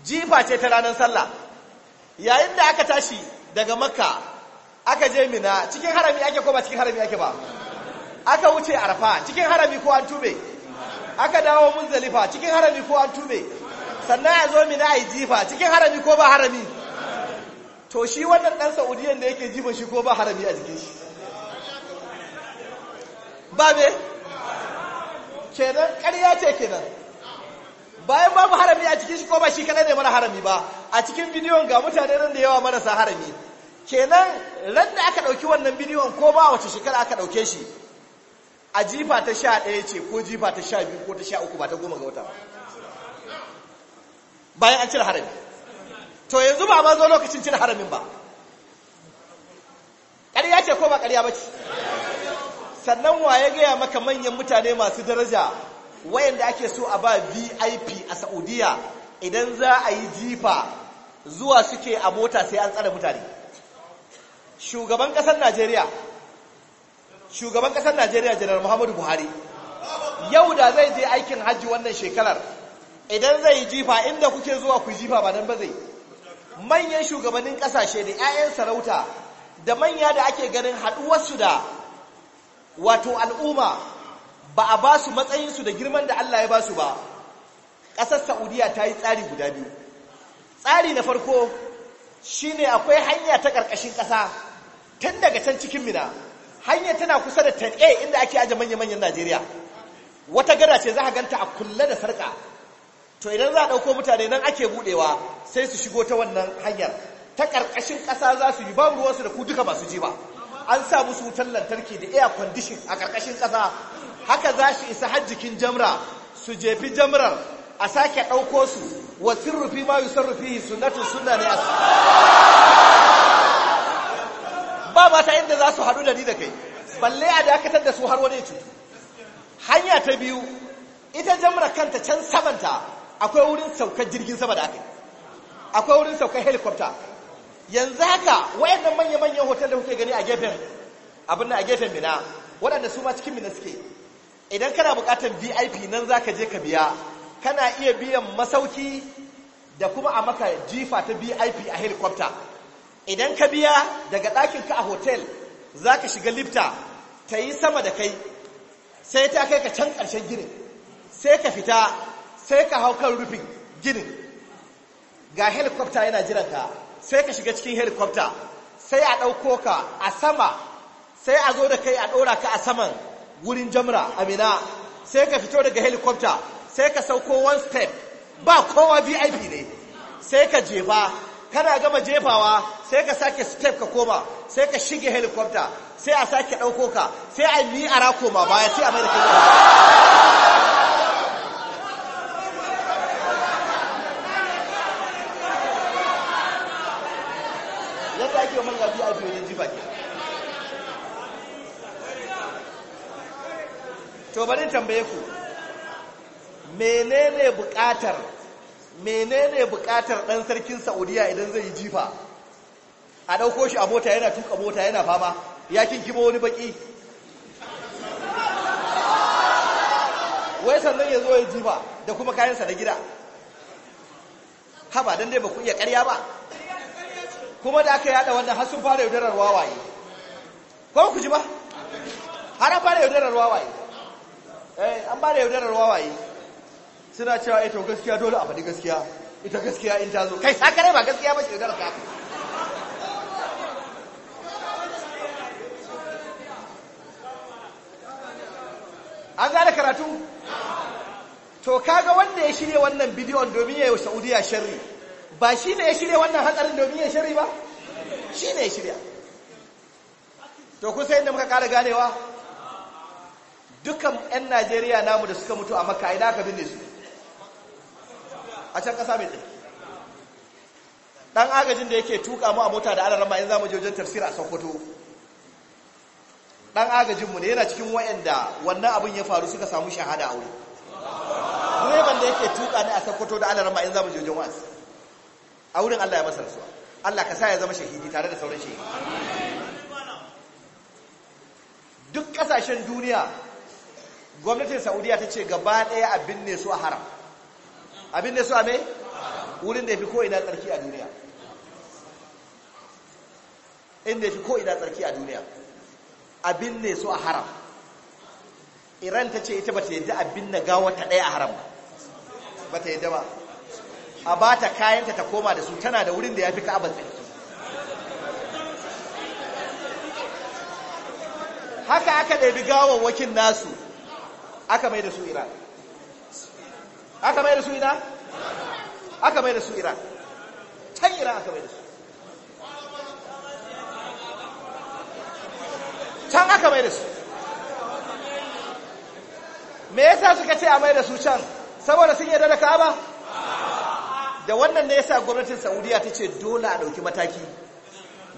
jifa ce ta ranar sallah yayin da aka tashi daga makka aka je mina cikin harami ake ko ba cikin harami ake ba aka wuce arfa cikin harami ko an tube aka dawo muzdalifa cikin harami ko an tube sannan ya zo mina a yi jifa cikin harami ko ba harami to shi wannan ɗan saudiyan da yake jiban shi ko ba harami a jikin shi ba me kenan ƙarya ce kenan bayan babu harami a cikin shi ko ba shi kadai ne mara harami ba a cikin bidiyon ga mutane nan da yawa marasa harami kenan ran da aka ɗauki wannan bidiyon ko ba wace shekara aka ɗauke shi a jifa ta sha ɗaya ce ko jifa ta sha biyu ko ta sha uku ba ta goma ga wata bayan an cire harami to yanzu ba ma zo lokacin cin haramin ba ƙarya ce ko ba ƙarya ba ce sannan wa ya gaya maka manyan mutane masu daraja wayanda ake so a ba vip a saudiya idan za a yi jifa zuwa suke a mota sai an tsare mutane shugaban ƙasar najeriya shugaban ƙasar najeriya janar muhammadu buhari yau da zai je aikin hajji wannan shekarar idan zai yi jifa inda kuke zuwa ku jifa ba nan ba zai manyan shugabannin kasashe da 'ya'yan sarauta da manya da ake ganin haɗuwarsu da wato al'umma ba a ba su matsayinsu da girman da Allah ya ba su ba ƙasar saudiya ta yi tsari guda biyu tsari na farko shine akwai hanya ta ƙarƙashin ƙasa tun daga can cikin mina hanya tana kusa da tan inda ake aje manya-manyan najeriya wata gada ce za a ganta a kulle da sarƙa to idan za a ɗauko mutane nan ake buɗewa sai su shigo ta wannan hanyar ta ƙarƙashin ƙasa za su yi babu ruwansu da ku duka ba ji ba an sa musu wutan lantarki da air condition a ƙarƙashin ƙasa haka za su isa hajjikin jamra su jefi jamrar a sake ɗauko su wa sirrufi ma yusarrufi sunnatun sunna ne ba mata inda za su haɗu da ni da kai balle a dakatar da su har wani cutu hanya ta biyu ita jamra kanta can samanta akwai wurin saukar jirgin sama da aka yi akwai wurin saukar helikwafta yanzu haka wayannan manya-manyan hotel da kuke gani a gefen abin nan a gefen mina waɗanda su ma cikin mina suke idan kana buƙatar vip nan za ka je ka biya kana iya biyan masauki da kuma a maka jifa ta vip a helikopta. idan ka biya daga ɗakin ka a hotel za ka shiga lifta ta yi sama da kai sai ta kai ka can ƙarshen ginin sai ka fita sai ka hau kan rufin ginin ga helikopta yana jiranka sai ka shiga cikin helikwafta sai a ɗauko ka a sama sai a zo da kai a ɗora ka a saman wurin jamra amina sai ka fito daga helikopta sai ka sauko one step ba kowa vip ne sai ka jefa kana gama jefawa sai ka sake step ka koma sai ka shiga helikwafta sai a sake ɗauko ka sai a yi a rako ma baya sai a mai da kai ga a jiba ke to bari tambaye ku menene bukatar menene bukatar dan sarkin saudiya idan zai yi jifa a dauko shi a mota yana tuka mota yana fama ya kinkimo wani baki wai sannan ya zo ya jifa da kuma kayansa na gida haba don dai ba ku iya karya ba kuma da aka yada wannan har sun fara yaudarar wawaye ko ku ji ba har an fara yaudarar wawaye eh an fara yaudarar wawaye suna cewa eh to gaskiya dole a faɗi gaskiya ita gaskiya in ta zo kai sakare ba gaskiya ba ce yaudarar ka an gane karatu to kaga wanda ya shirya wannan bidiyon domin ya yi saudiya sharri ba shi ne ya shirya wannan hatsarin domin ya shirya ba shi ne ya shirya to kusa yadda muka kara ganewa dukkan 'yan najeriya namu da suka mutu a makka ina ka binne su a can kasa mai tsaye Ɗan agajin da yake tuka mu a mota da alarama yin za mu jojen tafsir a sokoto ɗan agajinmu ne yana cikin wa'anda wannan abin ya faru suka samu shahada a wuri direban da yake tuka ne a sokoto da alarama yin za mu jojen wasu a wurin Allah ya masa rasuwa Allah ka sa ya zama shahidi tare da sauran shahidi duk kasashen duniya gwamnatin saudiya ta ce gaba ɗaya a binne su a haram a binne su a mai wurin da ya fi ko'ina tsarki a duniya inda ya fi ko'ina tsarki a duniya a binne su a haram iran ta ce ita ba ta yadda a binne gawa ta ɗaya a haram ba ba ta yadda ba a ba ta kayanta ta koma da su tana da wurin da ya fi ka'abar tsarki haka aka ɗabi gawawwakin nasu aka mai da su iran aka mai da su ina? aka mai da su iran can iran aka mai da su can aka mai da su me yasa suka ce a mai da su can saboda sun yarda da ka'aba da wannan ne yasa gwamnatin saudiya ta ce dole a ɗauki mataki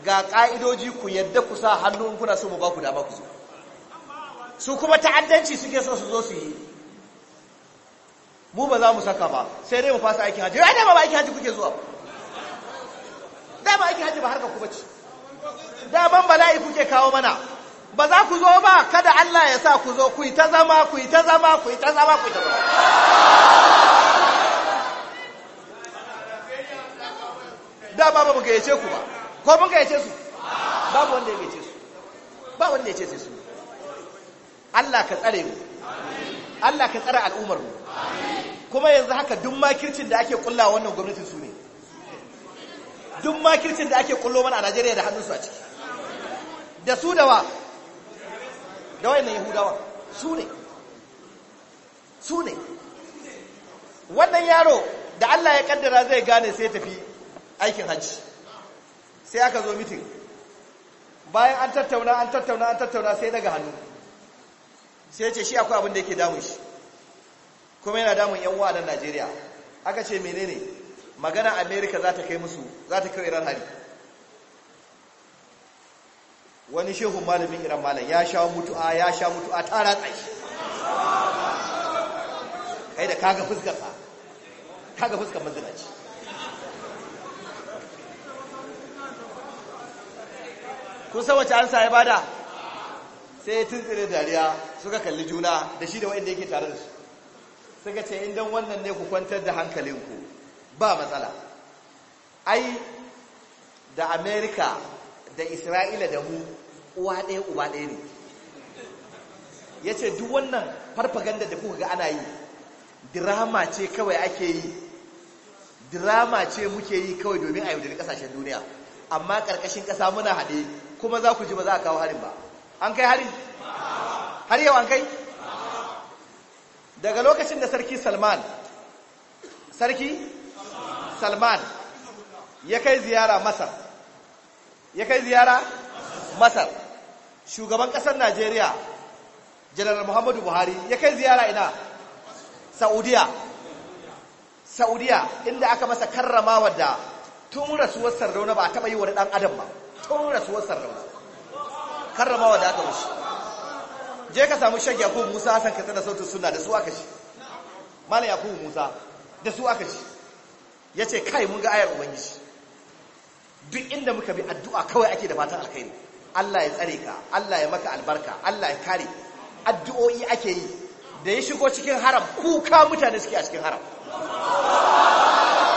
ga ka'idoji ku yadda ku sa hannu kuna so mu ba ku dama ku zo su kuma ta'addanci suke so su zo su yi mu ba za mu saka ba sai dai mu fasa aikin hajji ai dama ba aikin hajji kuke zuwa dama aikin hajji ba ka ku bace daman bala'i kuke kawo mana ba za ku zo ba kada Allah ya sa ku zo ku yi ta zama ku yi ta zama ku yi ta zama ku yi ta zama da ba ba gayyace ku ba ko mun gayyace su babu wanda ya yace su ba wanda ya ce su Allah ka tsare mu Allah ka tsare al'ummar mu kuma yanzu haka duk makircin da ake kulla wannan gwamnatin su ne duk makircin da ake kullo mana a Najeriya da hannun su a ciki da su dawa da wayannan Yahudawa su ne su ne wannan yaro da Allah ya kaddara zai gane sai tafi aikin hajji sai aka zo mitin bayan an tattauna an tattauna an tattauna sai daga hannu sai ce shi akwai abin da yake damun shi kuma yana damun yan uwa da Najeriya aka ce menene magana America za ta kai musu za ta kai Iran hari wani shehu malamin Iran malam ya sha mutu'a ya sha mutu'a ta ratsai. kai da kaga fuskar ka kaga fuskar mazinaci kun san wace ansa ya bada sai ya tuntsire dariya suka kalli juna da shi da wanda yake tare da su suka ce in dan wannan ne ku kwantar da hankalinku ba matsala ai da Amerika da isra'ila da mu uwa ɗaya uba ɗaya ne ya ce duk wannan farfaganda da kuka ga ana yi dirama ce kawai ake yi dirama ce muke yi kawai domin a yaudari ƙasashen duniya amma ƙarƙashin ƙasa muna haɗe kuma za ku ji ba za a kawo harin ba an kai harin har yau an kai daga lokacin da sarki salman sarki salman ya kai ziyara masar ya kai ziyara masar shugaban kasar najeriya janar muhammadu buhari ya kai ziyara ina saudiya saudiya inda aka masa karrama wadda tun rasuwar sardauna ba a taɓa yi wani ɗan adam ba tun rasuwar sarrafa karramawa da aka mushi je ka samu shan yakubu musa san ka tsada sautin suna da su aka shi ya yakubu musa da su aka shi ya ce kai mun ga ayar ubangiji duk inda muka bi addu'a kawai ake da fatan alkhairi Allah ya tsare ka Allah ya maka albarka Allah ya kare addu'o'i ake yi da ya shigo cikin haram kuka mutane suke a cikin haram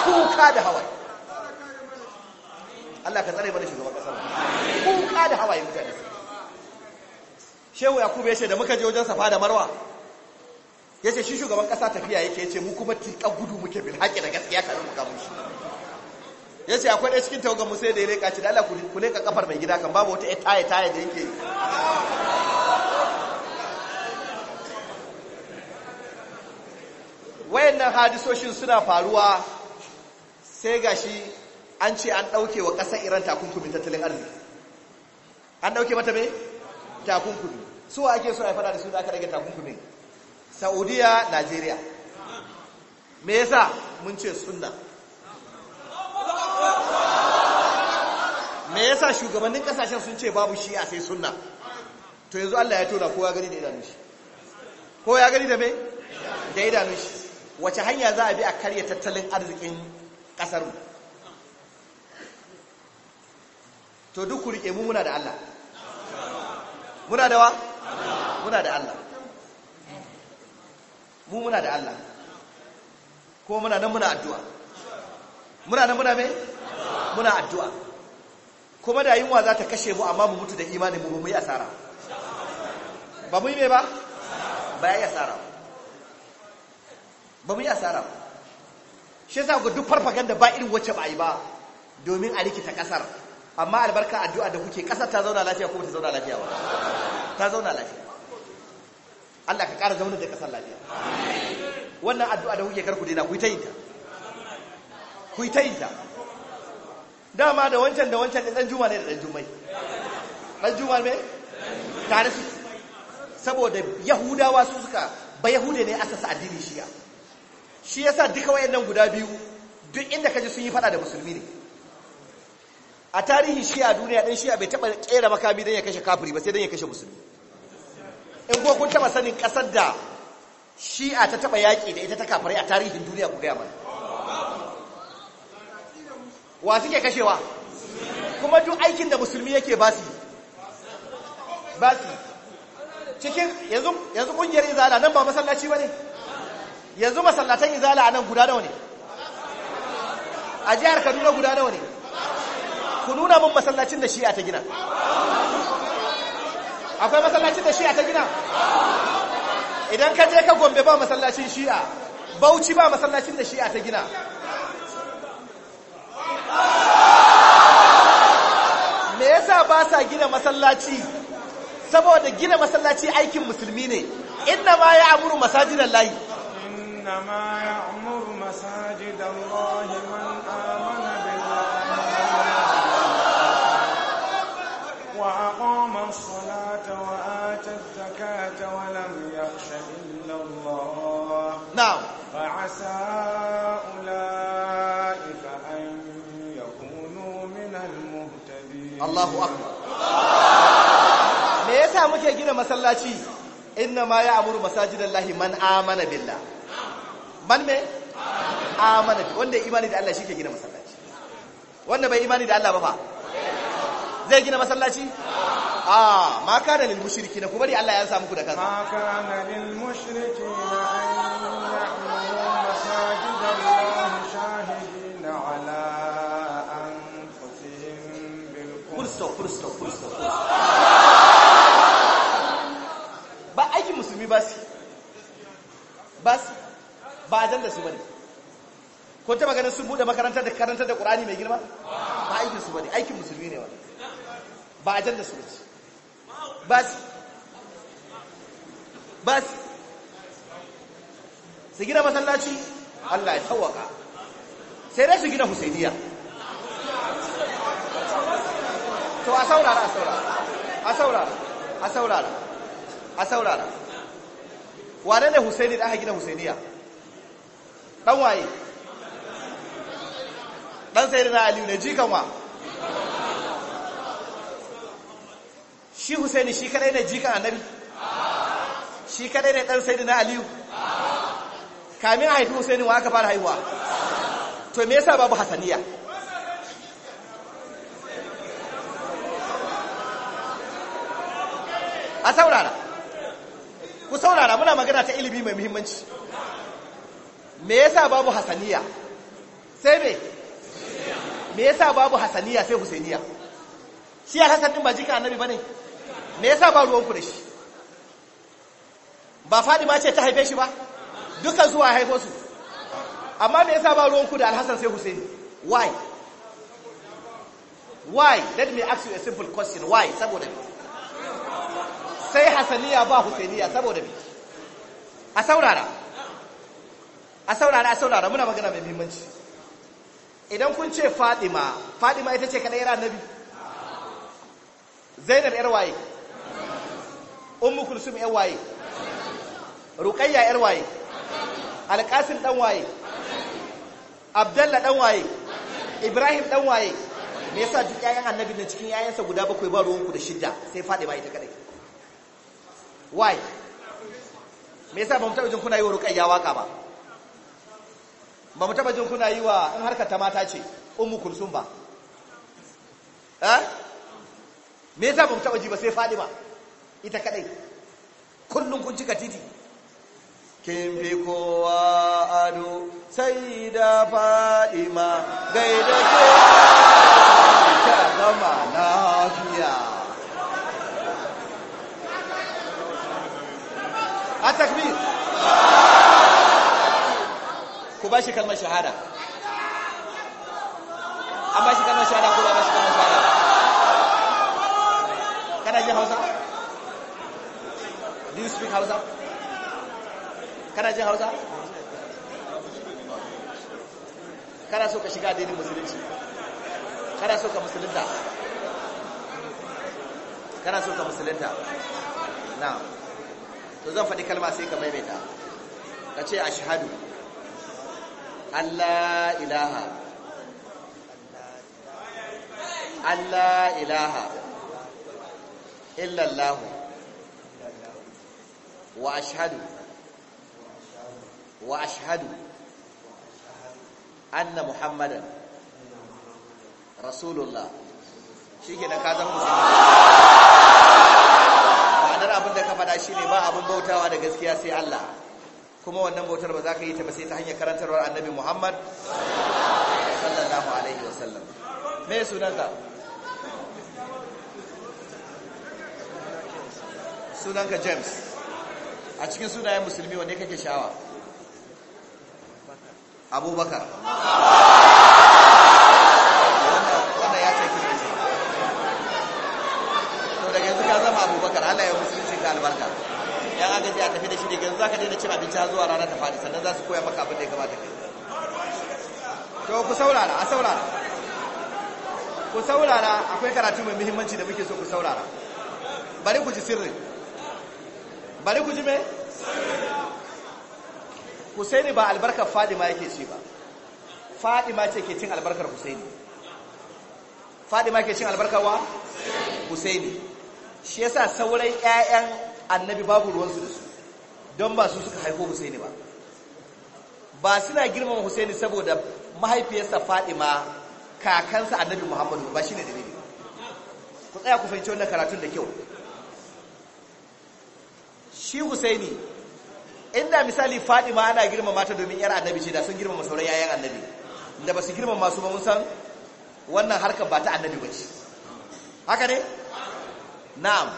kuka da hawaye Allah ka tsare mana shugaban kasar kuka da hawaye mutane shehu yakubu yace da muka je wajen safa da marwa ya shi shugaban kasa tafiya yake yace ce mu kuma tika gudu muke bin haƙi da gaskiya ka mu shi ya akwai ɗaya cikin tawagar mu sai da ya leƙa shi da Allah ku leƙa kafar mai gida kan babu wata ya taya taya da yake wayannan hadisoshin suna faruwa sai gashi an ce an ɗauke wa ƙasar iran takunkumin tattalin arziki an ɗauke mata mai takunkumi su ake so a fada da su da aka rage takunkumin saudiya najeriya me yasa mun ce sunna me yasa shugabannin kasashen sun ce babu shi a sai sunna to yanzu Allah ya tona ya gani da idanun shi ko ya gani da me da idanun shi wace hanya za a bi a karya tattalin arzikin kasarmu to duk ku rike mu muna da Allah muna da wa muna da Allah mu muna da Allah ko muna nan muna addu'a muna nan muna me muna addu'a kuma da yunwa za ta kashe mu amma mu mutu da imanin mu mu yi asara ba mu yi me ba ba ya yi asara ba mu yi asara shi yasa ga duk farfaganda ba irin wacce ba yi ba domin a rikita kasar amma albarka addu'a da kuke ƙasar ta zauna lafiya ko ta zauna lafiya ba ta zauna lafiya Allah ka ƙara zauna da ƙasar lafiya wannan addu'a da kuke karku dina ku yi ta yin ta ku yi ta yi ta dama da wancan da wancan ɗan juma ne da ɗan jumai ɗan juma ne tare su saboda yahudawa su suka ba yahude ne asasa addini shiya shi yasa duka wayannan guda biyu duk inda kaji sun yi fada da musulmi ne a tarihi shi a duniya dan shi bai taba kera makami dan ya kashe kafiri ba sai dan ya kashe musulmi in ko kun taba sanin kasar da shi'a ta taba yaki da ita ta kafirai a tarihin duniya ku gaya mana wa suke kashewa kuma duk aikin da musulmi yake ba su ba su cikin yanzu yanzu kungiyar izala nan ba masallaci bane yanzu masallatan izala a nan guda nawa ne a jihar Kaduna guda nawa ne ku nuna min masallacin da shi'a ta gina akwai masallacin da shi'a ta gina idan ka je ka gombe ba masallacin shi'a bauchi ba masallacin da shi'a ta gina me yasa ba sa gina masallaci saboda gina masallaci aikin musulmi ne inna ma ya amuru masajidan layi inna ma ya amuru masajidan lahi عسى أولئك أن يكونوا من المهتدين الله أكبر me yasa muke gina masallaci innama ya amuru lahi man amana billah man me amana wanda imani da Allah shi ke gina masallaci wanda bai imani da Allah ba fa zai gina masallaci a ah, ma kana lil mushrikina kuma dai Allah ya sa muku da kansa ma kana lil mushrikina stokfur stokfur stokfur ba aiki musulmi ba su ba su ba a da su bane ko ta maganin sun bude makaranta da karanta da ƙurani mai girma ba aikin su bane aikin musulmi ne wani ba a da su bace ba su ba su su gina masallaci Allah ya tawaka sai dai su gina husainiya to a saurara a saurara a saurara a saurara a saurara, wane ne husaini da aka gina husainiya dan waye dan sai na aliyu ne jikan wa shi husaini shi kadai ne jikan annabi shi kadai ne dan sai na aliyu kamin a haifi husaini wa aka fara haihuwa to me yasa babu hasaniya a saurara ku saurara muna magana ta ilimi mai muhimmanci me yasa babu hasaniya sai me me yasa babu hasaniya sai husainiya shi alhassan din ba jika annabi bane me yasa ba ruwanku da shi ba fadima ce ta haife shi ba dukan zuwa haifo su amma me yasa ba ku da alhassan sai husaini why why let me ask you a simple question why saboda me sai hasaniya ba husainiya saboda me a saurara a saurara a saurara muna magana mai muhimmanci idan kun ce fadima fadima ita ce kadai yara nabi zainab yar waye ummu kulsum yar waye ruqayya yar waye alqasim dan waye abdalla dan waye ibrahim dan waye me yasa duk yayan annabi ne cikin yayansa guda bakwai ba ruwanku da shidda sai fadima ita kadai why me yasa ba mu taɓa jin kuna yi wa ruƙayya waka ba ba mu taɓa jin kuna yi wa in harkar ta mata ce ummu kulsum ba eh me yasa ba mu taɓa ji ba sai fadima ita kadai kullun kun cika titi kin bi kowa ado sai da fadima gaida ke ta zama lafiya التكبير كباشي كلمة شهادة an ba shi kalmar shahada ko ba ba kalmar shahada kana jin hausa do you speak hausa kana jin hausa kana so ka shiga addinin musulunci kana so ka musulunta kana so ka musulunta na'am to zan faɗi kalma sai ka maimaita ka ce a shahadu. Allah ilaha Allah ilaha illallah wa ashhadu wa ashhadu anna muhammadan rasulullah shi ke da ka zama musulmi faɗa shi ne ba abin bautawa da gaskiya sai Allah kuma wannan bautar ba za ka yi ta sai ta hanyar karantarwar annabi Muhammad sallallahu alaihi wasallam me sunanka sunanka James a cikin sunayen musulmi wanne kake sha'awa abubakar wannan ya ce kisa to da yanzu ka zama abubakar Allah ya ga albarka yan aka je a tafi da shi ne yanzu zaka daina cin abinci har zuwa rana ta fadi sannan za su koya maka abin da ya kamata kai to ku saurara a saurara ku saurara akwai karatu mai muhimmanci da muke so ku saurara bari ku ji sirri bari ku ji me Husaini ba albarkar Fadima yake ce ba Fadima ce ke cin albarkar Husaini Fadima ke cin albarkar wa Husaini shi yasa sauran ƴaƴan annabi babu ruwansu da su don ba su suka haifo husaini ba ba suna girmama husaini saboda mahaifiyarsa fadima kakansa annabi muhammadu ba shine ne? ku tsaya ku fahimci wannan karatun da kyau shi husaini inda misali fadima ana girmama mata domin yar annabi ce da sun girmama sauran yayan annabi da ba su girmama su ba mun san wannan harkar ba ta annabi ba ce haka ne na'am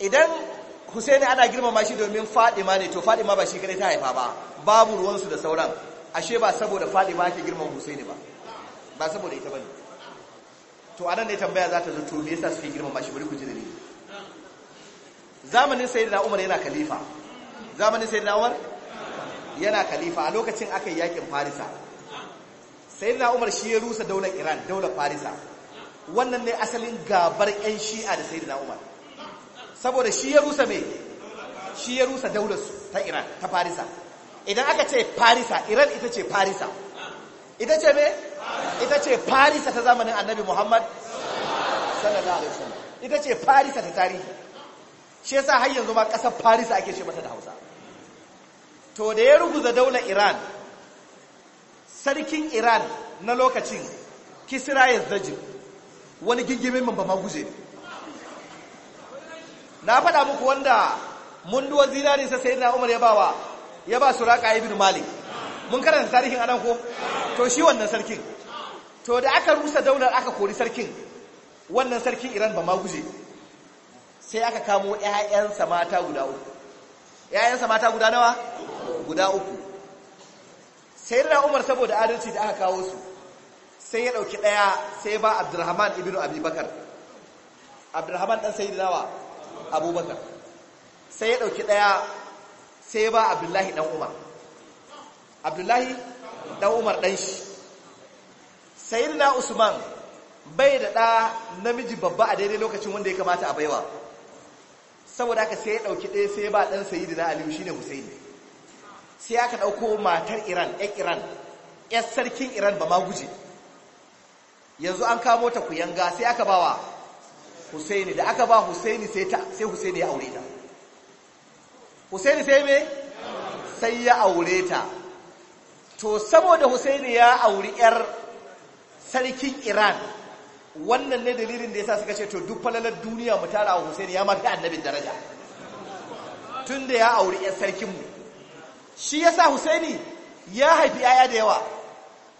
idan husaini ana girmama shi domin fadima ne to fadima ba shi kadai ta haifa ba babu ruwansu da sauran ashe ba saboda fadima ake girmama husaini ba ba saboda ita ba ne. to anan ne tambaya za ta zato me yasa suke girmama shi bari ku ji da ni zamanin na umar yana khalifa zamanin na umar yana khalifa a lokacin aka yi yakin farisa na umar shi ya rusa daular iran daular farisa wannan ne asalin gabar 'yan shi'a da sai umar saboda shi ya rusa mai shi ya rusa daularsu ta iran ta farisa idan aka ce farisa iran ita ce farisa ita ce me ita ce farisa ta zamanin annabi muhammad sallallahu alaihi wasallam ita ce farisa ta tarihi shi yasa har yanzu ma kasar farisa ake ce mata da hausa to da ya ruguza daular iran sarkin iran na lokacin kisra yazdajin wani gingimin man ba ma guje na faɗa muku wanda munduwar zinari sa sai na umar ya bawa ya ba raƙa ibn malik mun karanta tarihin anan ko to shi wannan sarkin to da aka rusa daular aka kori sarkin wannan sarkin iran ba ma guje sai aka kamo ƴaƴansa mata guda uku ƴaƴansa mata guda nawa guda uku sai na umar saboda adalci da aka kawo su sai ya ɗauki ɗaya sai ba abdurrahman ibn abubakar abdurrahman ɗan sai dawa abubakar sai ya ɗauki ɗaya sai ba abdullahi ɗan umar abdullahi ɗan umar ɗan shi sayyidina usman bai da ɗa namiji babba a daidai lokacin wanda ya kamata a baiwa saboda haka sai ya ɗauki ɗaya sai ba ɗan sayyidina aliyu shi ne husaini sai aka ɗauko matar iran yan iran yan sarkin iran ba ma guje yanzu an kamo ta kuyanga sai aka ba wa Husaini da aka ba Husaini sai ta sai Husaini ya aure ta Husaini sai me sai ya aure ta to saboda Husaini ya auri yar sarkin Iran wannan ne dalilin da yasa suka ce to duk falalar duniya mu tara wa Husaini ya mata annabin daraja tunda ya auri yar sarkin mu shi yasa Husaini ya haifi yaya da yawa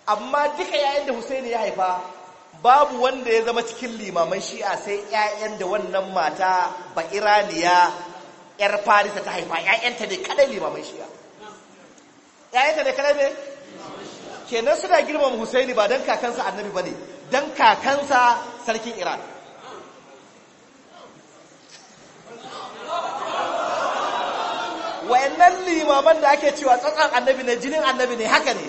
amma duka yayin da Husaini ya haifa babu wanda ya zama cikin limaman shi'a sai 'ya'yan da wannan mata ba iraniya 'yar farisa ta haifa 'ya'yanta ne kadai limaman shi'a 'ya'yanta ne kadai ne kenan suna girmama husaini ba don kakansa annabi ba ne don kakansa sarkin iran wayannan limaman da ake cewa tsatsan annabi ne jinin annabi ne haka ne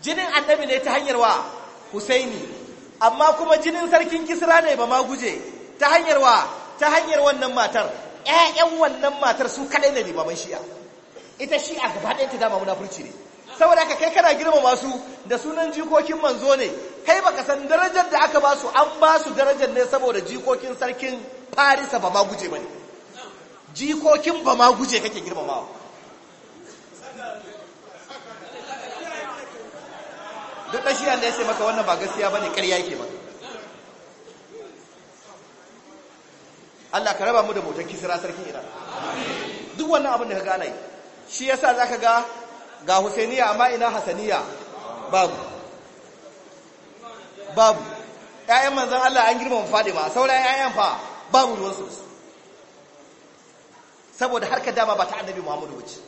jinin annabi ne ta hanyar wa husaini amma kuma jinin sarkin kisra ne ba ma ta hanyar wa ta hanyar wannan matar ƴaƴan wannan matar su kaɗai ne limaman shi'a ita shi'a gaba ɗaya ta dama munafurci ne saboda ka kai kana girmama su da sunan jikokin manzo ne kai baka san darajar da aka ba su an ba su darajar ne saboda jikokin sarkin farisa ba ma guje ne jikokin ba ma guje kake girmamawa duk ɗan shiyan da ya ce maka wannan ba gaskiya ba ne ƙarya yake ba. Allah ka raba mu da motar kisira sarkin Iran duk wannan abin da ka gane shi yasa ka ga ga Husainiya amma ina Hasaniya babu babu ƴaƴan manzan Allah an girmama ba, sauran ƴaƴan fa babu ruwan su saboda ka dama ba ta annabi Muhammadu wuce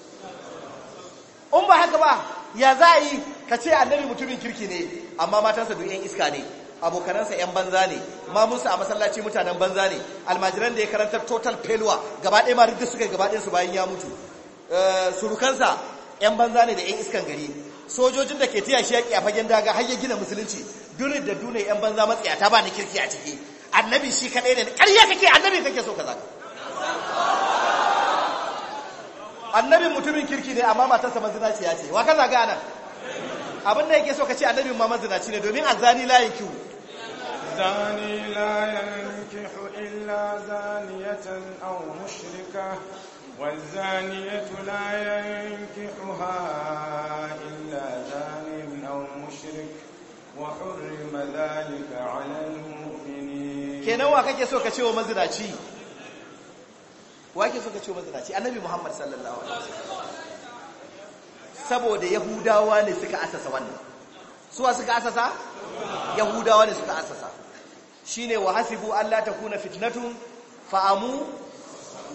in ba haka ba ya za a yi ka ce annabi mutumin kirki ne amma matansa duk 'yan iska ne abokanansa 'yan banza ne mamunsa a masallaci mutanen banza ne almajiran da ya karantar total failure gaba ɗaya ma da suka gaba su bayan ya mutu eh, surukansa 'yan banza ne da 'yan iskan gari sojojin da ke tiya shi yaƙi a fagen daga har ya gina musulunci durin da dune 'yan banza ta ba na kirki a ciki annabi shi kaɗai ne ƙarya kake annabi kake so ka zaka Annabin mutumin kirki ne amma matarsa mazinaciya ce wa ka zaga nan? abin da yake so ka ce annabin ma mazinaci ne domin azani la kiwo. zani la yankihu illa zaniyatan aw mushrika la illa والزانية mushrik, ينكحها إلا زان أو مشرك وحرم Kenan wa المؤمنين كنا ka ce wa mazinaci. wake suka ce mazinaci annabi muhammad sallallahu alaihi wasallam saboda yahudawa ne suka asasa wannan suwa suka asasa yahudawa ne suka asasa shine wa hasibu alla takuna fitnatun fa'amu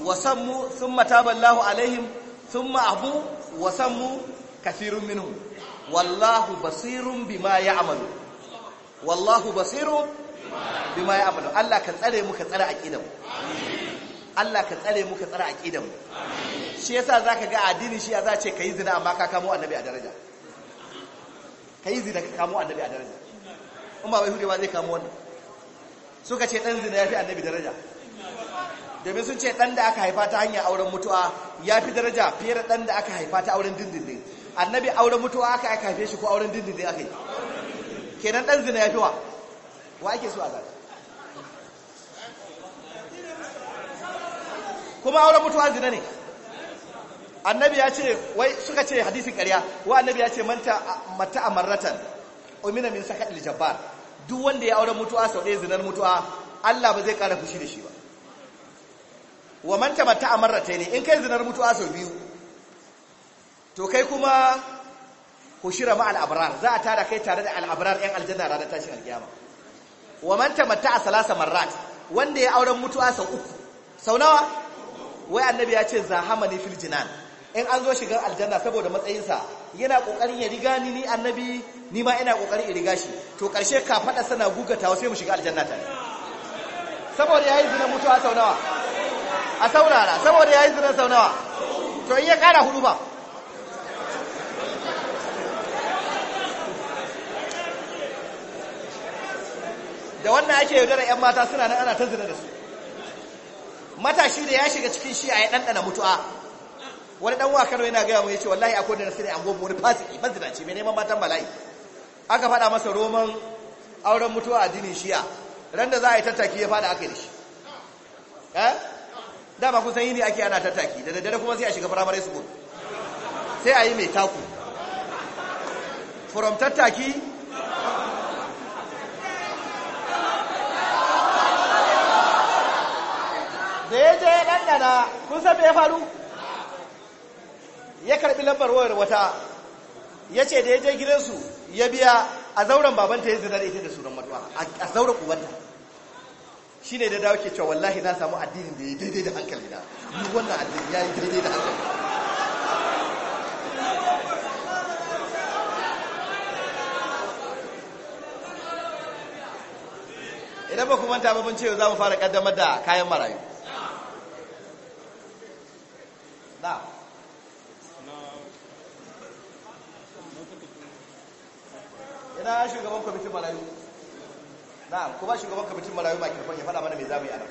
wa sammu thumma taballahu alaihim thumma abu wa sammu kathirun minhum wallahu basirun bima ya'malu wallahu basirun bima ya'malu Allah ka tsare mu ka tsare aqidan mu amin Allah ka tsare mu ka a aqidan mu shi yasa zaka ga addini shi ya zace kai zina amma ka kamo annabi a daraja kai zina ka kamo annabi a daraja in ba bai hudewa ba zai kamo wannan suka ce dan zina yafi annabi daraja domin sun ce dan da aka haifa ta hanyar auren mutuwa yafi daraja fiye da dan da aka haifa ta auren dindindin annabi auren mutuwa aka aka haife shi ko auren dindindin aka yi kenan dan zina yafi wa wa ake so a zaka kuma auren mutuwa zina ne annabi ya ce wai suka ce hadisin ƙarya wa annabi ya ce manta mata amarratan umina min sakat jabbar duk wanda ya auren mutuwa sau ɗaya zinar mutuwa Allah ba zai ƙara fushi da shi ba wa manta mata amarrata ne in kai zinar mutuwa sau biyu to kai kuma hushira ma al'abrar za a tara kai tare da al'abrar yan aljanna ranar tashin alkiyama wa manta mata a salasa marrat wanda ya auren mutuwa sau uku sau nawa wai annabi ya ce zahamani fil jinan in an zo shigar aljanna saboda matsayinsa yana kokarin ya riga ni ni annabi ni ma ina kokarin in riga shi to karshe ka fada sana gugatawa sai mu shiga aljanna tare saboda yayi zina mutuwa sau nawa a saurara saboda yayi zina sau nawa to in ya kara hudu ba da wannan ake yaudara yan mata suna nan ana ta zina da su matashi da ya shiga cikin shi a ya ɗanɗana mutu'a wani ɗan wa kano yana gaya mai ce wallahi akwai da nasiri an gobe wani fasiki ce mai neman matan bala'i aka faɗa masa roman auren mutuwa a dinin shiya ran da za a yi tattaki ya faɗa aka yi shi eh? dama kusan yi ne ake ana tattaki da daddare kuma sai a shiga firamare gudu sai a yi mai taku from tattaki da ya je ya ɗanɗana kun san me ya faru ya karɓi lambar wayar wata ya ce da ya je gidansu ya biya a zauren babanta ya zina da ita da sunan matuwa a zauren uwanta shi ne da dawo ke cewa wallahi na samu addinin da ya daidai da hankali na yi wannan addini ya yi daidai da hankali idan ba kuma manta ba mun ce za mu fara kaddamar da kayan marayu da ina shugaban kwamitin marayu na kuma shugaban kwamitin marayu kirkon ya fada mana mai zamu yi ana.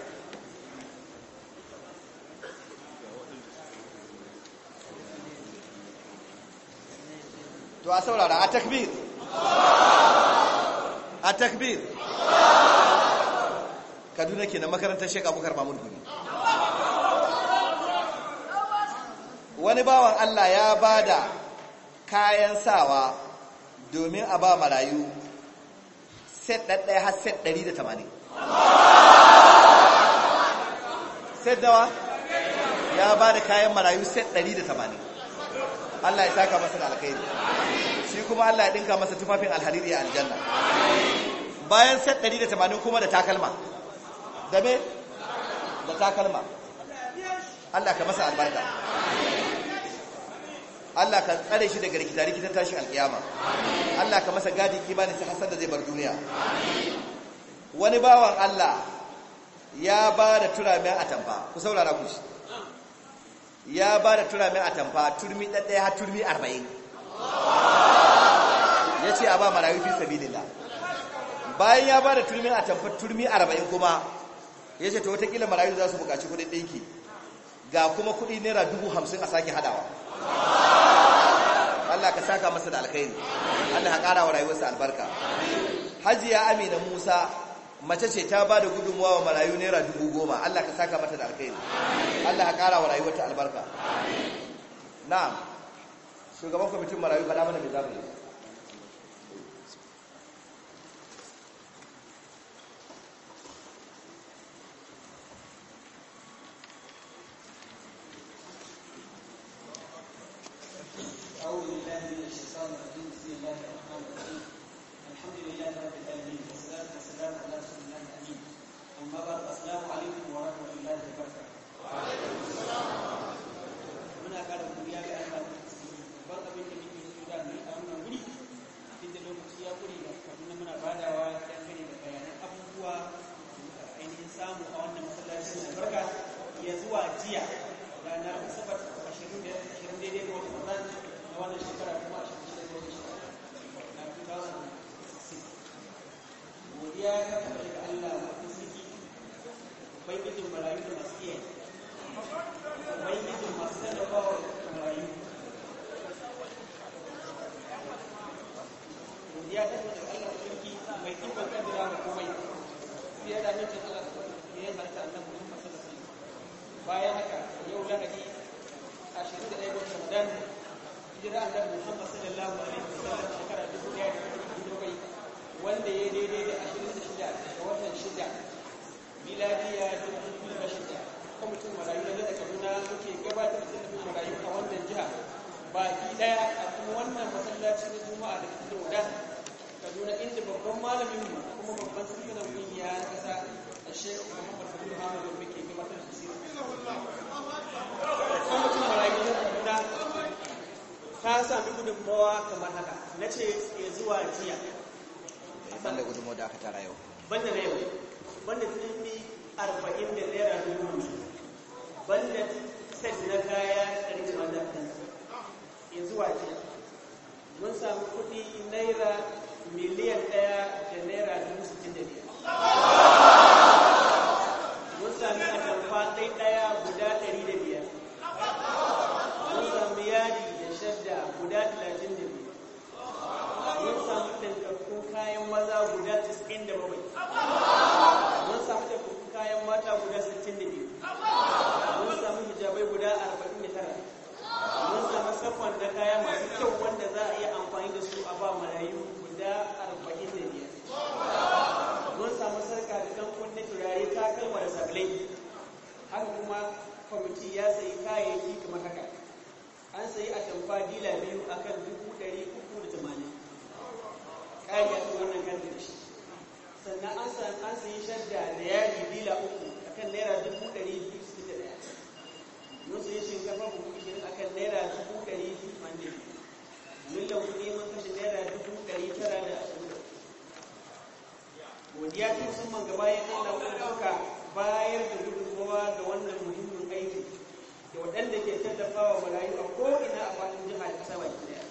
to a saurara a takbir a takbir kaduna ke na makarantar shek abubakar guni. gumi wani bawan Allah ya ba da kayan sawa domin a ba marayu set ɗaɗɗaya har set ɗari da tamanin set dawa ya ba da kayan marayu set ɗari da tamanin Allah ya saka masa da alkhairi shi kuma Allah ya ɗinka masa tufafin alhariri a aljanna bayan set ɗari da tamanin kuma da takalma da me da takalma Allah ka masa albarka Allah ka tsare shi daga rikita rikitan tashin alkiyama Allah ka masa gadin kimanin ta hasar da zai bar duniya wani bawan Allah ya ba da turamin atamfa ku saurara ku shi ya ba da turamin atamfa turmi ɗaɗɗaya har turmi arba'in ya ce a ba marayu fi sabilillah bayan ya ba da turmin atamfa turmi arba'in kuma ya ce ta watakila marayu za su buƙaci kuɗin ɗinki ga kuma kuɗi naira dubu hamsin a sake haɗawa Allah ka saka masa da alkhairi Allah ka kara wa rayuwarsa albarka hajiya amina musa mace ce ta ba da gudunmuwa wa marayu naira dubu goma Allah ka saka mata da alkhairi Allah ka kara wa rayuwarta albarka na'am shugaban kwamitin marayu faɗa mana me za biyu. mun samu hijabai guda arba'in da tara mun samu sakon da kaya masu kyau wanda za a iya amfani da su a ba marayu guda arba'in da biyar mun samu sarka da ɗan kunne turare takalma da sablai haka kuma kwamiti ya sayi kayayyaki kamar haka an sayi a tamfa dila biyu akan dubu ɗari uku da tamanin ƙari a wannan kan da shi sannan an sayi shadda da yaji dila uku akan naira dubu ɗari biyu su da ɗaya mun sayi shinkafa buhu ishirin akan naira dubu ɗari biyu wanda millan kuɗi mun kashe naira dubu ɗari tara da ashirin godiya sun musamman ga bayan allah ko ɗauka bayar da gudunmawa ga wannan muhimmin aiki da waɗanda ke tallafawa marayu a ko'ina a faɗin jiha da ƙasa baki ɗaya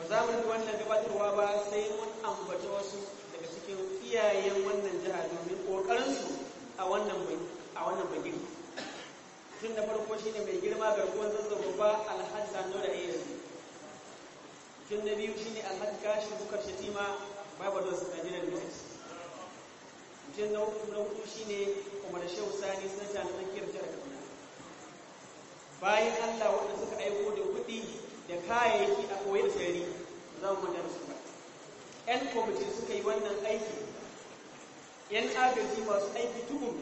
ba za mu yi wannan gabatarwa ba sai mun ambata wasu cikin iyayen wannan jiha domin ƙoƙarinsu a wannan bagin tun da farko shi ne mai girma garkuwar zazzaba ba alhaji sanu da iya tun da biyu shi ne alhaji kashi bukar shatima barbados nigerian university mutum na hudu na hukun shi ne kuma da shehu sani sanata na tsakiyar da kaduna bayan allah wanda suka aiko da kuɗi da kayayyaki a koyar da za mu da su 'yan kwamiti suka yi wannan aiki yan agaji masu aiki tukun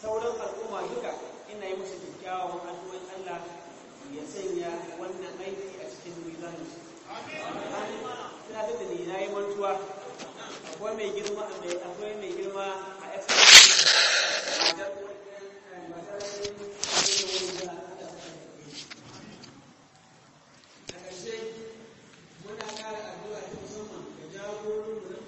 sauran al'umma duka ina yi musu kyakkyawan addu'an Allah ya sanya wannan aiki a cikin mizanin ina girma a mai Muna ƙara addu'a ta musamman ಯಾವ ಗೋಡು